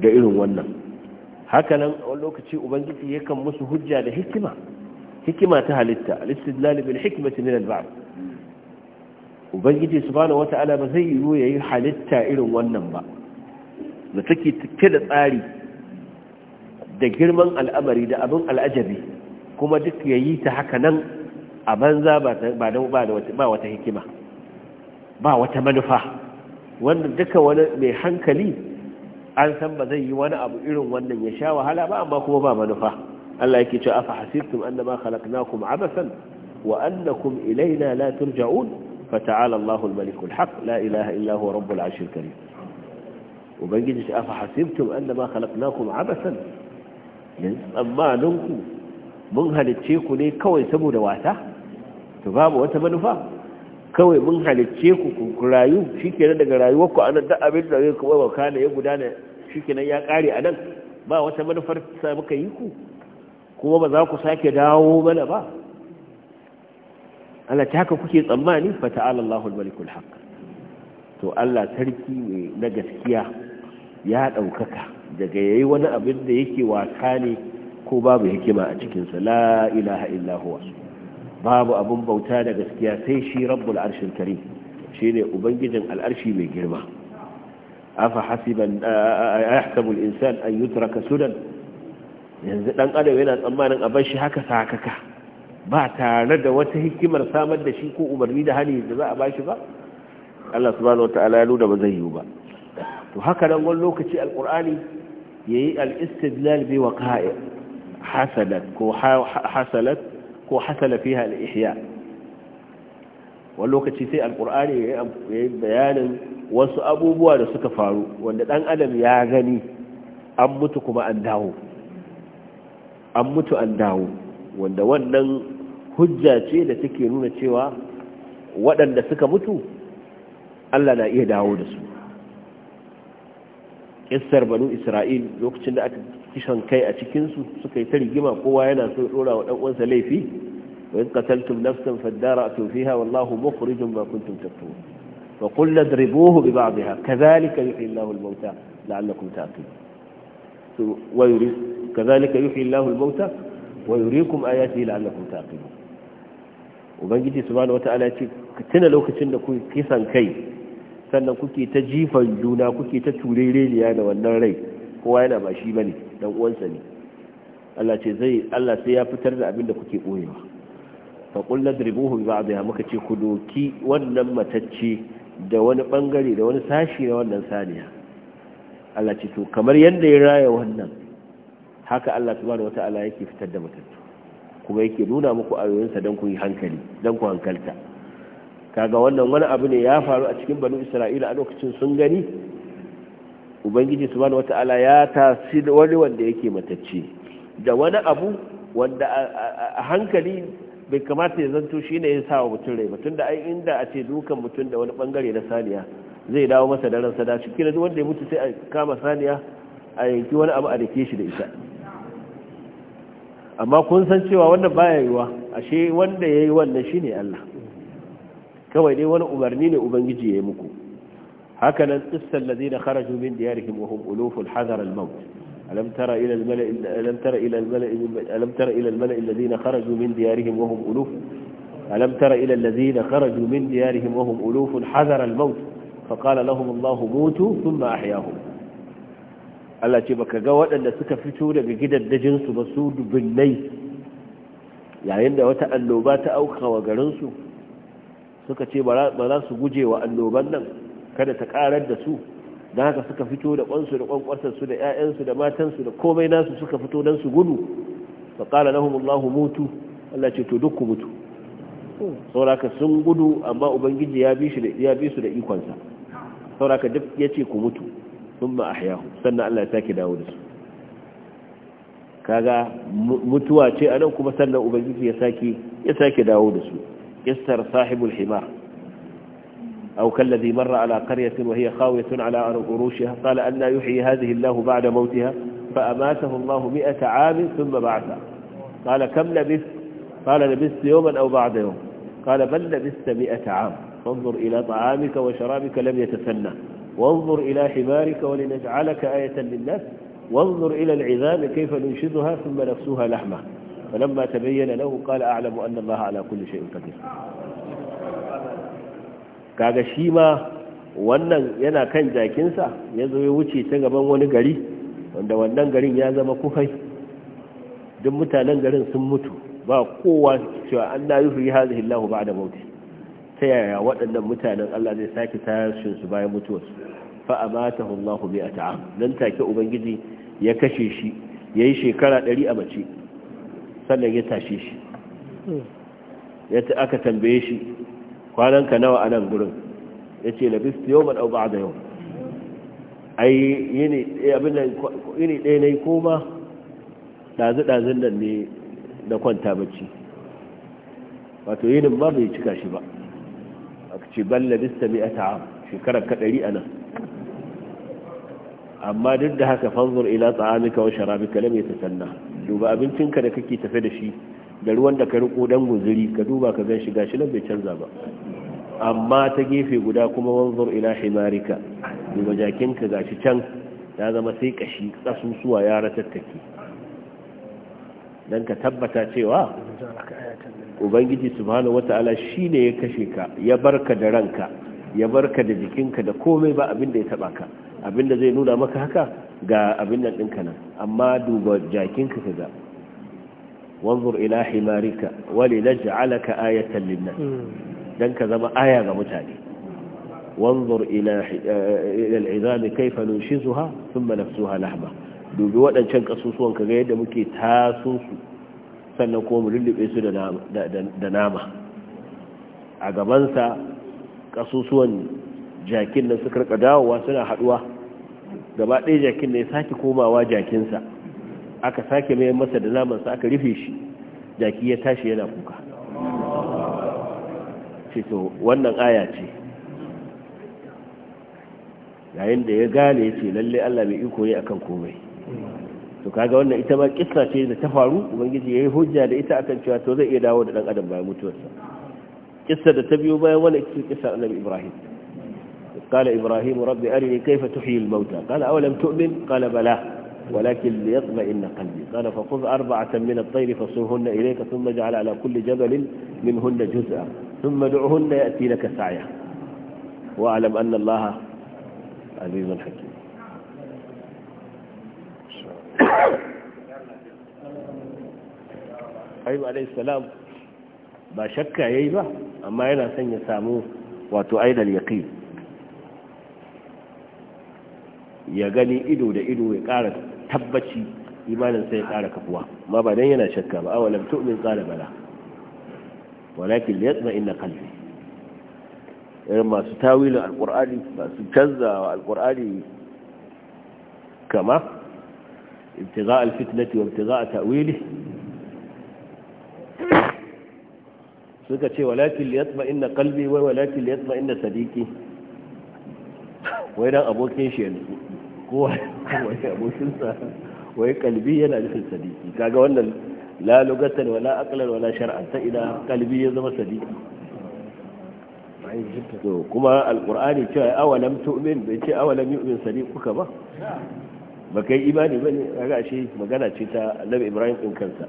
da irin wannan a lokaci ubangiji yakan musu hujja da hikima hikima ta halitta al-istidlal bil hikmati min al-ba'd ubangiji subhanahu wata'ala ba zai ya yi halitta irin wannan ba da take cike da tsari da girman al'amari da abin al'ajabi kuma duk ya yi ta haka nan a banza ba wata hikima ba wata manufa wanda duka wani mai hankali an san ba zai yi wani abu irin wannan ya sha wahala ba amma kuma ba manufa Allah yake cewa afa hasibtum annama khalaqnakum abasan wa annakum ilaina la turja'un fata'ala Allahu al-malik al-haq la ilaha illa huwa rabbul 'arshil karim ubangiji shi afa hasibtum annama khalaqnakum abasan yanzu tsammaninku mun halicce ku ne kawai saboda wata to babu wata manufa kawai mun halicce ku ku rayu shikenan daga rayuwar ku anan da abin da zai kuma baka ne ya gudana shikenan ya kare anan ba wata manufar sa muka yi ku kuma ba za ku sake dawo mana ba Allah ta haka kuke tsammani fa ta'ala Allahul malikul haqq to Allah sarki ne na gaskiya ya ɗaukaka daga yayi wani abin da yake wata ne ko babu hikima a cikin la ilaha babu abin bauta da gaskiya sai shi rabbul arshin shi ne ubangijin al'arshi mai girma afa hasiban yahsabu al-insan an turaka sudan yanzu ɗan adam yana tsammanin a bar shi haka sakaka ba tare da wata hikimar samar da shi ko umarni da hali da za a bashi ba Allah subhanahu ta'ala ya nuna ba zai yiwu ba to haka nan wani lokaci alkur'ani ya yi al'istidlal bi wa ƙa'a hasalat ko hasalat ko hasala fiha al'ihya wani lokaci sai alkur'ani ya yi bayanin wasu abubuwa da suka faru wanda ɗan adam ya gani an mutu kuma an dawo an mutu an dawo wanda wannan hujja ce da take nuna cewa waɗanda suka mutu Allah na iya dawo da su kissar banu isra'il lokacin da aka kishan kai a cikinsu suka yi ta rigima kowa yana so dora wa ɗan'uwansa laifi wa yin kataltum nafsan faddara a tofiha wallahu mukhrijun ma kuntum tattun wa kulla dribuhu bi ba'dha kadhalika yuhyi Allahu al-mauta la'allakum ta'qilun wa yuri kadhalika yuhyi Allahu al-mauta wa yuriikum ayati la'allakum ta'qilun ubangiji subhanahu wata'ala ya ce tuna lokacin da ku kisan kai sannan kuke ta jifan juna kuke ta turereniya da wannan rai kowa yana ba shi ba ne dan uwansa ne Allah ce zai Allah sai ya fitar da abin da kuke koyewa fa qul ladribuhu bi ba'dha muka ce ku doki wannan matacce da wani bangare da wani sashi na wannan saniya Allah ce to kamar yanda ya raya wannan haka Allah subhanahu wata'ala yake fitar da matattu kuma yake nuna muku ayoyinsa dan ku yi hankali dan ku hankalta kaga wannan wani abu ne ya faru a cikin banu isra'ila a lokacin sun gani ubangiji subhanahu wata'ala ya tasiri wani wanda yake matacce da wani abu wanda a hankali bai kamata ya zanto shi ne ya sa wa mutum rai mutum da ai inda a ce dukan mutum da wani bangare na saniya zai dawo masa da ransa da shi kira wanda ya mutu sai a kama saniya a yanki wani abu a dake shi da ita amma kun san cewa wannan baya yiwa ashe wanda ya yi wannan shi ne Allah kawai dai wani umarni ne ubangiji ya yi muku haka nan tsistan lazina kharaju min diyarihim wa hum uluful hadar al-maut alam tara ila al-mala'i alam tara ila al-mala'i alam tara ila al-mala'i alladhina kharaju min diyarihim wa hum uluf alam tara ila alladhina kharaju min diyarihim wa hum uluful hazar al-maut faqala lahum Allahu mutu thumma ahyahum Allah ce baka ga waɗanda suka fito daga gidaddajinsu ba su dubinnai yayin da wata annoba ta auka wa garinsu suka ce ba za su guje wa annoban nan kada ta karar da su da haka suka fito da kwansu da su da 'ya'yansu da matansu da komai nasu suka fito don su gudu ba qala na Allahu mutu Allah ce to duk ku mutu sauraka sun gudu amma ubangiji ya bi su da ikonsa, sauraka duk ya ce ku mutu thumma ahyahu sannan Allah ya sake dawo da su kaga mutuwa ce a nan kuma sannan ubangiji ya sake dawo da su يسر صاحب الحمار أو كالذي مر على قرية وهي خاوية على أروشها قال أن يحيي هذه الله بعد موتها فأماته الله مئة عام ثم بعثها قال كم لبثت قال لبثت يوما أو بعد يوم قال بل لبثت مئة عام فانظر إلى طعامك وشرابك لم يتسنى وانظر إلى حمارك ولنجعلك آية للناس وانظر إلى العذاب كيف ننشدها ثم نفسوها لحمه فلما تبين له قال أعلم أن الله على كل شيء قدير kaga shi ma wannan yana kan jakinsa ya zo ya wuce ta gaban wani gari wanda wannan garin ya zama kufai duk mutanen garin sun mutu ba kowa cewa an na yuhu yi hazihi Allah ba da mauti ta yaya waɗannan mutanen Allah zai sake tashin su bayan mutuwarsu fa amatahu Allah bi ata'am nan take ubangiji ya kashe shi yayi shekara ɗari a mace sannan ya tashe shi ya ta aka tambaye shi kwananka nawa a nan gurin ya ce ta yau maɗau ba da yau ai ne eh, ɗaya na yi koma ɗazu-ɗazun nan ne na kwanta bacci wato yinin ma bai cika shi ba a ce ban ta mai a ta'am shekarar kaɗari a nan amma duk da haka fanzur ila tsa'amika wa sharabika lam yatasanna duba abincinka da kake tafe da shi da ruwan da ka riko dan guzuri ka duba ka gan shi gashi nan bai canza ba amma ta gefe guda kuma wanzur ila himarika duba jakinka gashi can ya zama sai kashi kasusuwa ya ratattake dan ka tabbata cewa ubangiji subhanahu wata'ala shine ya kashe ka ya barka da ranka ya barka da jikinka da komai ba abin da ya taba ka abin da zai nuna maka haka ga abin nan ɗinka nan amma duba jakinka ka ga wanzur ila himarika wali naj'alaka ayatan linna dan ka zama aya ga mutane wanzur ila eh, ila al'izami kayfa nunshizuha thumma nafsuha lahma dubi wadancan kasusuwan kaga yadda muke taso su sannan kuma mu lullube su da nama a gabansa kasusuwan jakin nan suka rika dawowa suna haduwa gaba ɗaya jakin ne ya sake komawa jakinsa aka sake mai masa da namansa aka rufe shi jaki ya tashi yana kuka ce to wannan aya ce yayin da ya gane ya ce lalle Allah mai iko ne akan komai to kaga wannan ita ma kissa ce da ta faru ubangiji yayi hujja da ita akan cewa to zai iya dawo da dan adam bayan mutuwarsa kissa da ta biyo bayan wannan kissa annabi Ibrahim قال إبراهيم رب أرني كيف تحيي الموتى قال أولم تؤمن قال بلى ولكن ليطمئن قلبي قال فخذ أربعة من الطير فصرهن إليك ثم اجعل على كل جبل منهن جزءا ثم دعهن يأتي لك سعيا واعلم أن الله عزيز حكيم أيوة عليه السلام ما شك yi أما amma سن son وتؤيد اليقين ya gani ido da ido ya ƙara tabbaci imanin sai ya ƙara kafuwa amma ba dan yana shakka ba awalam tu'min qala bala walakin liyatma inna qalbi irin masu tawilin alkur'ani masu canzawa wa alkur'ani kama ibtiza alfitnati wa ibtiza ta'wili suka ce walakin liyatma inna qalbi wa walakin liyatma inna sadiqi wai dan abokin shi yanzu kowa wani abokinsa wai kalbi yana nufin sadiki kaga wannan la lugatan wala aqlan wala shar'an ta ila kalbi ya zama sadiki to kuma alqur'ani cewa awalam tu'min bai ce awalam yu'min sadiquka ba ba kai imani ba ne kaga shi magana ce ta annabi ibrahim din kansa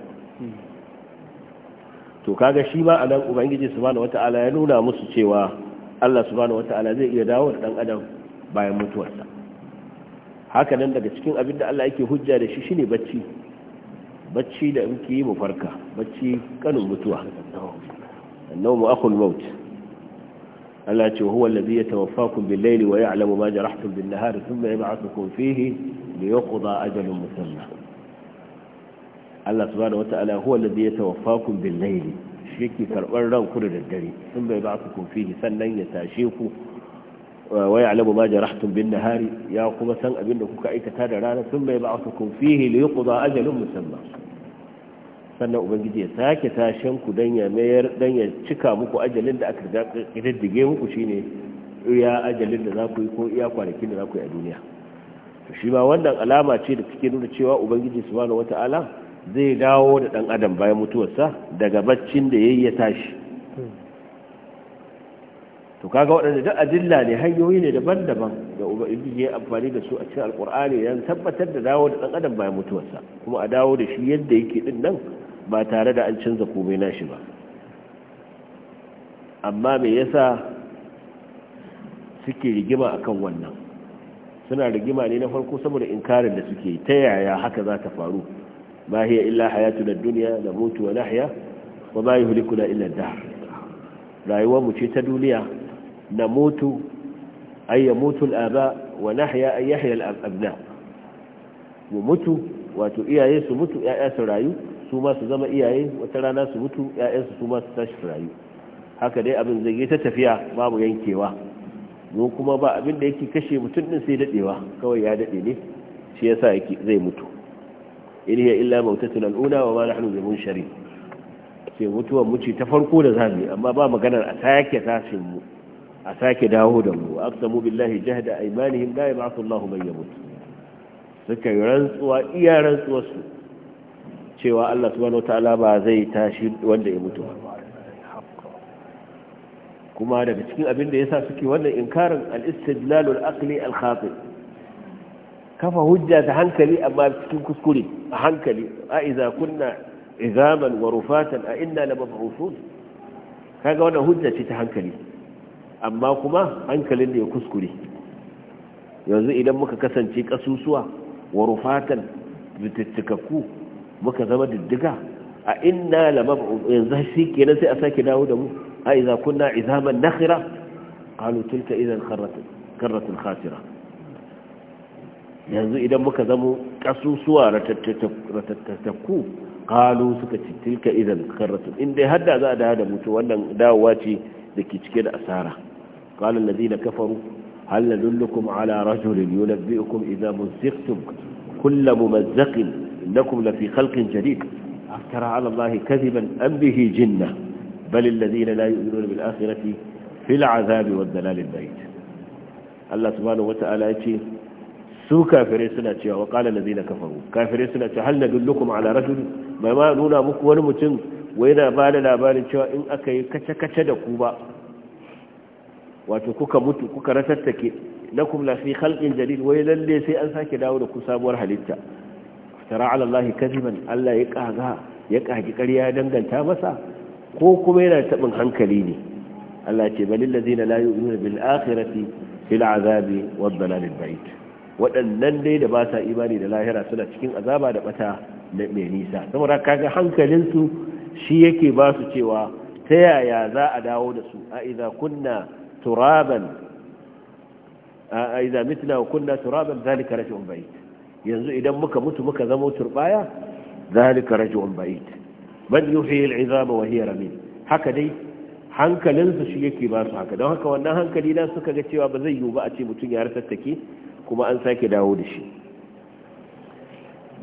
to kaga shi ma anan ubangiji subhanahu wataala ya nuna musu cewa Allah subhanahu wataala zai iya dawo da dan adam bayan mutuwarsa haka nan daga cikin abin da Allah yake hujja da shi shine bacci bacci da muke yi mu farka bacci kanin mutuwa annahu akhul maut Allah ce huwa alladhi yatawaffakum bil layli wa ya'lamu ma jarahtum bin nahari thumma yab'athukum fihi liyuqda ajalun musamma Allah subhanahu wata'ala huwa alladhi yatawaffakum bil layli shi yake karban ranku da daddare thumma yab'athukum fihi sannan ya tashe ku wa ya'lamu ma jarahtum bin nahari ya kuma san abin da kuka aikata da rana sun bai ba'athukum fihi li yuqda ajalun musamma sannan ubangiji ya sake tashin ku dan ya mayar dan ya cika muku ajalin da aka kididdige muku shine iya ajalin da za yi ko iya kwanakin da za yi a duniya to shi ba wannan alama ce da take nuna cewa ubangiji subhanahu wata'ala zai dawo da dan adam bayan mutuwarsa daga baccin da yayi ya tashi to kaga waɗanda duk adilla ne hanyoyi ne daban-daban da ubangiji ya amfani da su a cikin alkur'ani yan tabbatar da dawo da ɗan adam bayan mutuwarsa kuma a dawo da shi yadda yake din nan ba tare da an canza komai na shi ba amma me yasa suke rigima akan wannan suna rigima ne na farko saboda inkarin da suke ta yaya haka za ta faru ma hiya illa hayatu da duniya da mutu wa nahya wa ma yuhlikuna illa dahr rayuwar mu ce ta duniya namutu ay yamutu al-aba wa nahya ay yahya al-abna mu mutu wato iyaye su mutu ƴaƴa su rayu su ma su zama iyaye wata rana su mutu ƴaƴansu su ma su rayu haka dai abin zai yi ta tafiya babu yankewa mu kuma ba abin da yake kashe mutum din sai dadewa kawai ya dade ne shi yasa yake zai mutu in illa mautatun al'ula wa ma nahnu bi munshari sai mutuwar mu ta farko da zamu amma ba maganar a sake tashin mu a sake dawo da mu aqsamu billahi jahda aymanihim la yab'athu Allahu man yamut suka yi rantsuwa iya rantsuwar su cewa Allah subhanahu wataala ba zai tashi wanda ya mutu kuma daga cikin abin da yasa suke wannan inkarin al-istidlalul aqli al-khati kafa hujja ta hankali amma cikin kuskure a hankali a iza kunna izaman wa rufatan a inna la mab'uthun kaga wannan hujja ce ta hankali amma kuma hankalin da ya kuskure yanzu idan muka kasance kasusuwa wa rufatan bitittikaku muka zama diddiga a inna lamab yanzu shi kenan sai a sake dawo da mu a idza kunna izaman nakhira qalu tilka idan kharratun karratun khatira yanzu idan muka zamo kasusuwa ratattaku qalu suka ce tilka idan karratun inda hadda za a dawo da to wannan dawowa ce da ke cike da asara قال الذين كفروا هل ندلكم على رجل ينبئكم إذا مزقتم كل ممزق إنكم لفي خلق جديد أفترى على الله كذبا أم به جنة بل الذين لا يؤمنون بالآخرة في العذاب والدلال البعيد الله سبحانه وتعالى يقول su kafirai suna cewa wa kala da zina kafaru kafirai suna cewa hal na dullukum ala rajul bai ma nuna muku wani mutum wai na ba da labarin cewa in aka yi kace-kace da ku ba wato kuka mutu kuka ratattake lakum la fi khalqin jadid wai lalle sai an sake dawo da ku sabuwar halitta tara ala Allah kadiban Allah ya kaga ya ƙarya danganta masa ko kuma yana tabin hankali ne Allah ce balil ladina la yu'minuna bil akhirati fil azabi wad dalal al ba'id waɗannan dai da ba sa imani da lahira suna cikin azaba da bata mai nisa saboda kaga hankalinsu shi yake ba su cewa ta yaya za a dawo da su a idza kunna turaban idza mitna wa kunna turaban zalika raj'un ba'id yanzu idan muka mutu muka zama turbaya zalika raj'un ba'id bal yuhyi al'izama wa hiya haka dai hankalinsu shi yake ba haka don haka wannan hankali na suka ga cewa ba zai yiwu ba a ce mutum ya rasattake kuma an sake dawo da shi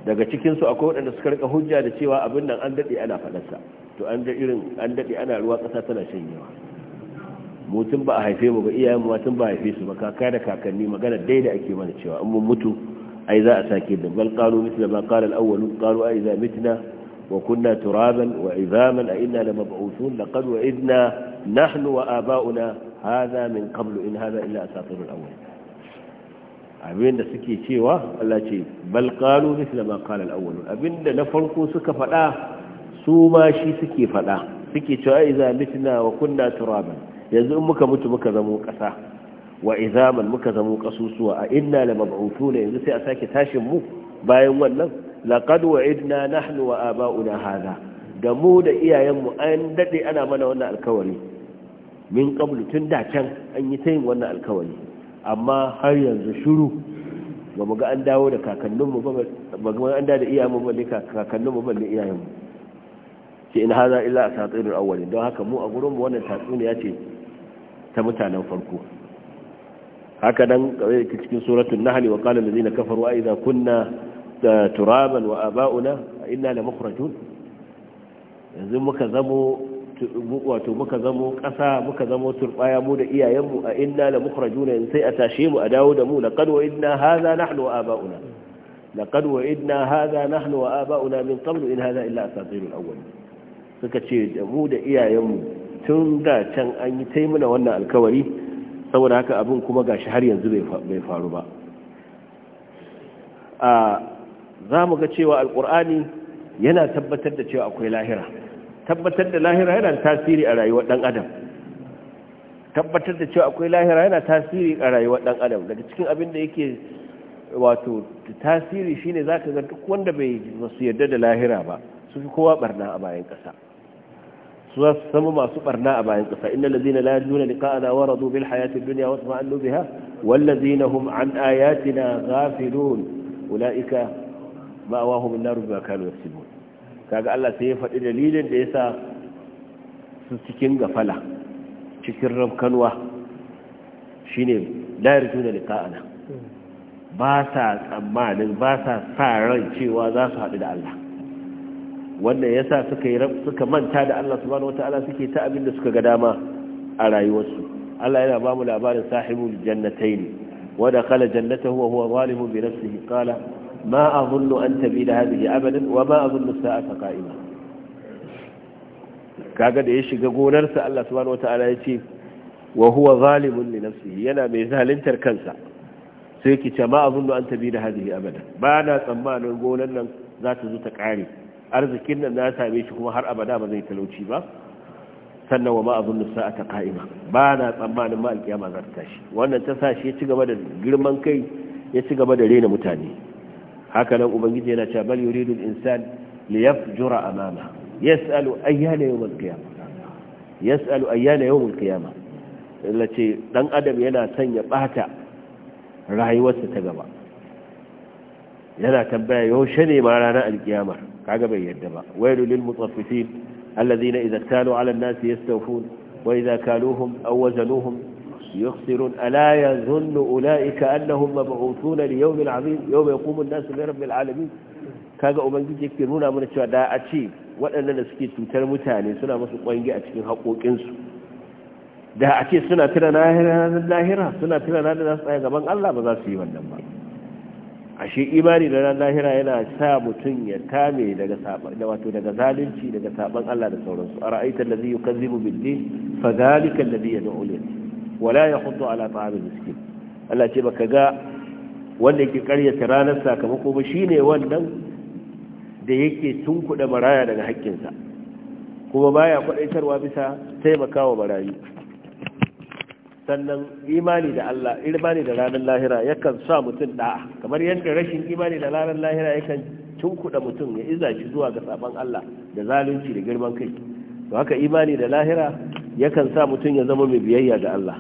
daga cikinsu akwai waɗanda suka rika hujja da cewa abin nan an daɗe ana faɗarsa to an an daɗe ana ruwa ƙasa tana shanyewa mutum ba a haife mu ba iyayen mu tun ba a haife su ba kaka da kakanni magana dai da ake mana cewa in mun mutu ai za a sake da bal qalu mithla ma qala al-awwal qalu ai za mitna wa kunna turaban wa idhaman a inna la mab'uthun laqad wa'idna nahnu wa aba'una hadha min qabl in hadha illa asatir al-awwal abinda suke cewa Allah ce bal qalu mithla ma qala al-awwal abinda na farko suka fada su ma shi suke fada suke cewa ai za mitna wa kunna turaban yanzu in muka mutu muka zamo ƙasa wa izaman muka zamo ƙasusuwa a inna la mab'uthuna yanzu sai a sake tashin mu bayan wannan laqad wa'idna nahnu wa aba'una hadha da mu da iyayen mu an dade ana mana wannan alkawari min qablu tun da can an yi ta yin wannan alkawari amma har yanzu shiru ba mu ga an dawo da mu ba ga an dawo da iyayenmu ba ne iyayen iyayenmu ce in haza illa a awwalin don haka mu a gurinmu wannan tatsuniya ce ta mutanen farko haka nan cikin suratul nahl wa qala allazina kafaru a idza kunna turaban wa aba'una inna la mukhrajun yanzu muka zamo wato muka zamo ƙasa muka zamo turbaya mu da iyayenmu a ina da mukhrajuna yanzu sai a tashe mu a dawo da mu laqad wa inna hadha nahnu wa aba'una laqad wa inna hadha nahnu wa aba'una min qabl in haza illa asatirul awwal suka ce da mu da iyayenmu tun da can an yi ta yi mana wannan alkawari saboda haka abin kuma shi har yanzu bai faru ba a za mu ga cewa alkur'ani yana tabbatar da cewa akwai lahira tabbatar da lahira yana tasiri a rayuwar ɗan adam tabbatar da cewa akwai lahira yana tasiri a rayuwar ɗan adam daga cikin abin da yake wato tasiri shine zaka ga duk wanda bai yarda da lahira ba su fi kowa barna a bayan kasa. su za su samu masu barna a bayan ƙasa inna lazina la yajuna liqa'ana wa radu bil hayati dunya wa tuma'annu biha wal lazina hum an ayatina ghafilun ulaika ma'awahum an-nar bima kanu yaksibun kaga Allah sai ya faɗi dalilin da yasa su cikin gafala cikin ramkanwa shine la yarjuna liqa'ana ba sa tsammanin ba sa sa ran cewa za su haɗu da Allah Wannan ya sa suka manta da Allah subhanahu wata'ala suke ta abin da suka ga dama a rayuwarsu Allah yana ba mu labarin sahibul jannatai ne. dakhala jannatahu wa huwa zalimun bi nafsihi kala. ma a azunnu an tabida hadhihi abadan wa ma a azunnu sa'ata qa'ima kaga da ya shiga gonarsa Allah subhanahu wata'ala ya ce wa huwa zalimun li nafsihi yana mai zaluntar kansa sai ki ce ma a azunnu an tabida hadhihi abadan ba na tsammanin gonar nan za ta zo ta kare arzikin nan na same shi kuma har abada ba zai talauci ba sannan wa ma'azun a taƙa'ima ba na tsammanin ma za ta tashi wannan ta sa shi ya ci gaba da girman kai ya ci gaba da rena mutane haka nan ubangiji yana cewa bal yuridu insan li yafjura amama yas'alu ayyana yawm al yas'alu ayyana yawm al-qiyamah lace dan adam yana son ya bata rayuwarsa ta gaba yana tambaya yaushe ne ma ranar alkiyama kaga bai yadda ba wailu lil mutaffifin alladhina idza kalu ala an-nasi yastawfun wa idza kaluhum aw wazanuhum yukhsirun ala yazunnu ulaika annahum mab'uthuna li yawmin 'azim yawma yaqumu an-nasu li rabbil 'alamin kaga ubangiji yake nuna mana cewa da a ce waɗannan da suke cutar mutane suna musu kwangi a cikin haƙoƙinsu da a ce suna tira lahira suna tira da za su tsaya gaban Allah ba za su yi wannan ba ashe imani da ran lahira yana sa mutum ya kame daga saban wato daga zalunci daga saban Allah da sauransu ara'aita allazi yukazzibu bid din fa zalika allazi yad'u lil wala yahuddu ala ta'amil miskin Allah ce baka ga wanda yake karyata ranar sakamako ba shine wannan da yake tunkuɗa maraya daga haƙƙinsa kuma baya kwaɗaitarwa bisa taimakawa marayu sannan imani da Allah imani da ranar lahira yakan sa mutum da'a kamar yadda rashin imani da ranar lahira yakan tunkuɗa mutum ya iza shi zuwa ga saban Allah da zalunci da girman kai to haka imani da lahira yakan sa mutum ya zama mai biyayya ga Allah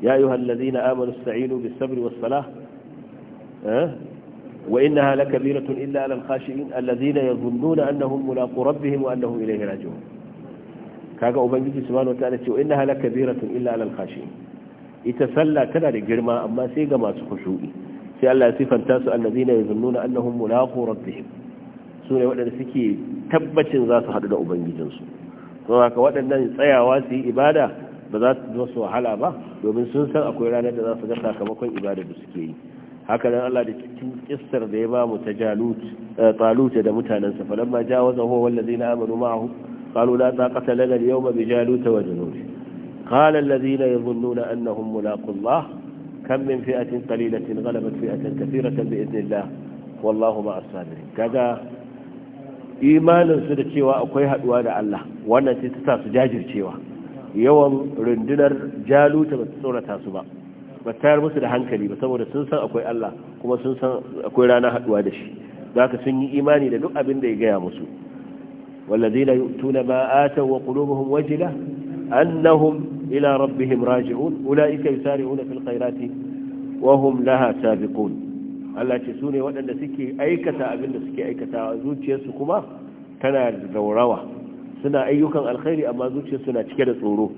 ya ayyuha allazina amanu sta'inu bis sabri was salah eh? wa innaha lakabiratun illa alal khashi'in allazina yadhunnuna annahum mulaqu rabbihim wa annahum ilayhi raji'un kaga ubangiji subhanahu wa ta'ala ce wa innaha lakabiratun illa alal khashi'in ita sallah tana da girma amma sai ga masu khushu'i sai Allah ya sifanta su allazina yazunnuna annahum mulaqu rabbihim su ne waɗanda suke tabbacin za su hadu da ubangijinsu don haka waɗannan tsayawa su yi ibada ba za su su wahala ba domin sun san akwai ranar da za su ga sakamakon ibada da suke yi haka nan Allah da cikin kissar da ya ba mu ta jalut eh, talut da mutanansa falamma jawaza huwa wallazina amanu ma'ahu qalu la taqata lana al-yawma bi jalut wa junud قال الذين يظنون أنهم ملاقوا الله كم من فئة قليلة غلبت فئة كثيرة بإذن الله والله مع الصابرين كذا imaninsu da cewa akwai haduwa da Allah wannan ce ta sa jajircewa yawan rundunar jaluta ba su tsorata su ba ba tayar musu da hankali ba saboda sun san akwai Allah kuma sun san akwai rana haduwa da shi za ka sun yi imani da duk abin da ya gaya musu wallazina yu'tuna ma ataw wa qulubuhum wajila annahum إلى ربهم راجعون أولئك يسارعون في الخيرات وهم لها سابقون Allah ce su waɗanda suke aikata abinda da suke aikata zuciyarsu kuma tana raurawa suna ayyukan alkhairi amma zuciyarsu na cike da tsoro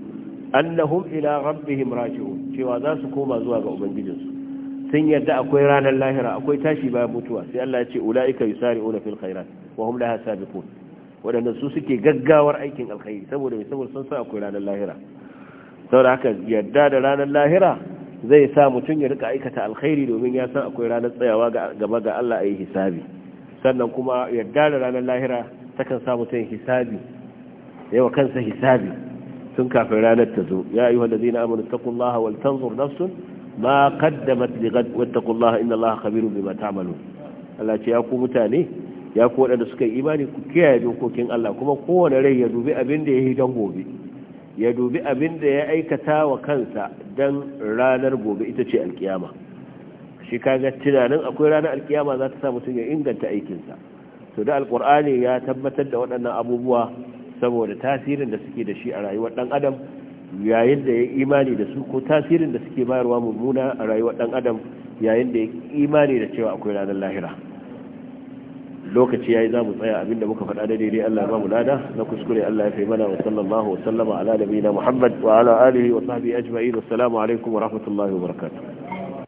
annahum ila rabbihim raji'un cewa za su koma zuwa ga ubangijinsu sun yadda akwai ranar lahira akwai tashi bayan mutuwa sai Allah ya ce ulaika yusari'una fil khairat wa hum laha sabiqun waɗanda su suke gaggawar aikin alkhairi saboda mai saboda sun akwai ranar lahira da haka yadda da ranar lahira zai sa mutum ya rika aikata alkhairi domin ya san akwai ranar tsayawa gaba ga Allah a yi hisabi sannan kuma yadda da ranar lahira kan sa mutum hisabi yawa kansa hisabi sun kafin ranar ta zo ya ayyuhal ladina amanu taqullaha wal tanzur nafsun ma qaddamat lighad wattaqullaha inna Allaha khabirun bima ta'malun Allah ce ya ku mutane ya ku waɗanda suka yi imani ku kiyaye dokokin Allah kuma kowane rai ya dubi abin da ya yi don gobe ya dubi abin da ya aikata wa kansa don ranar gobe ita ce alkiyama shi kaga tunanin akwai ranar alkiyama za ta sa mutum ya inganta aikinsa to da alkur'ani ya tabbatar da waɗannan abubuwa saboda tasirin da suke da shi a rayuwar ɗan adam yayin da ya imani da su ko tasirin da suke bayarwa mummuna a rayuwar ɗan adam yayin da ya imani da cewa akwai ranar lahira lokaci yayi zamu tsaya abinda muka faɗa da daidai Allah ya ba mu lada na kuskure Allah ya fi mana wa sallallahu wa sallama ala nabiyina Muhammad wa ala alihi wa sahbihi ajma'in assalamu alaikum wa rahmatullahi wa barakatuh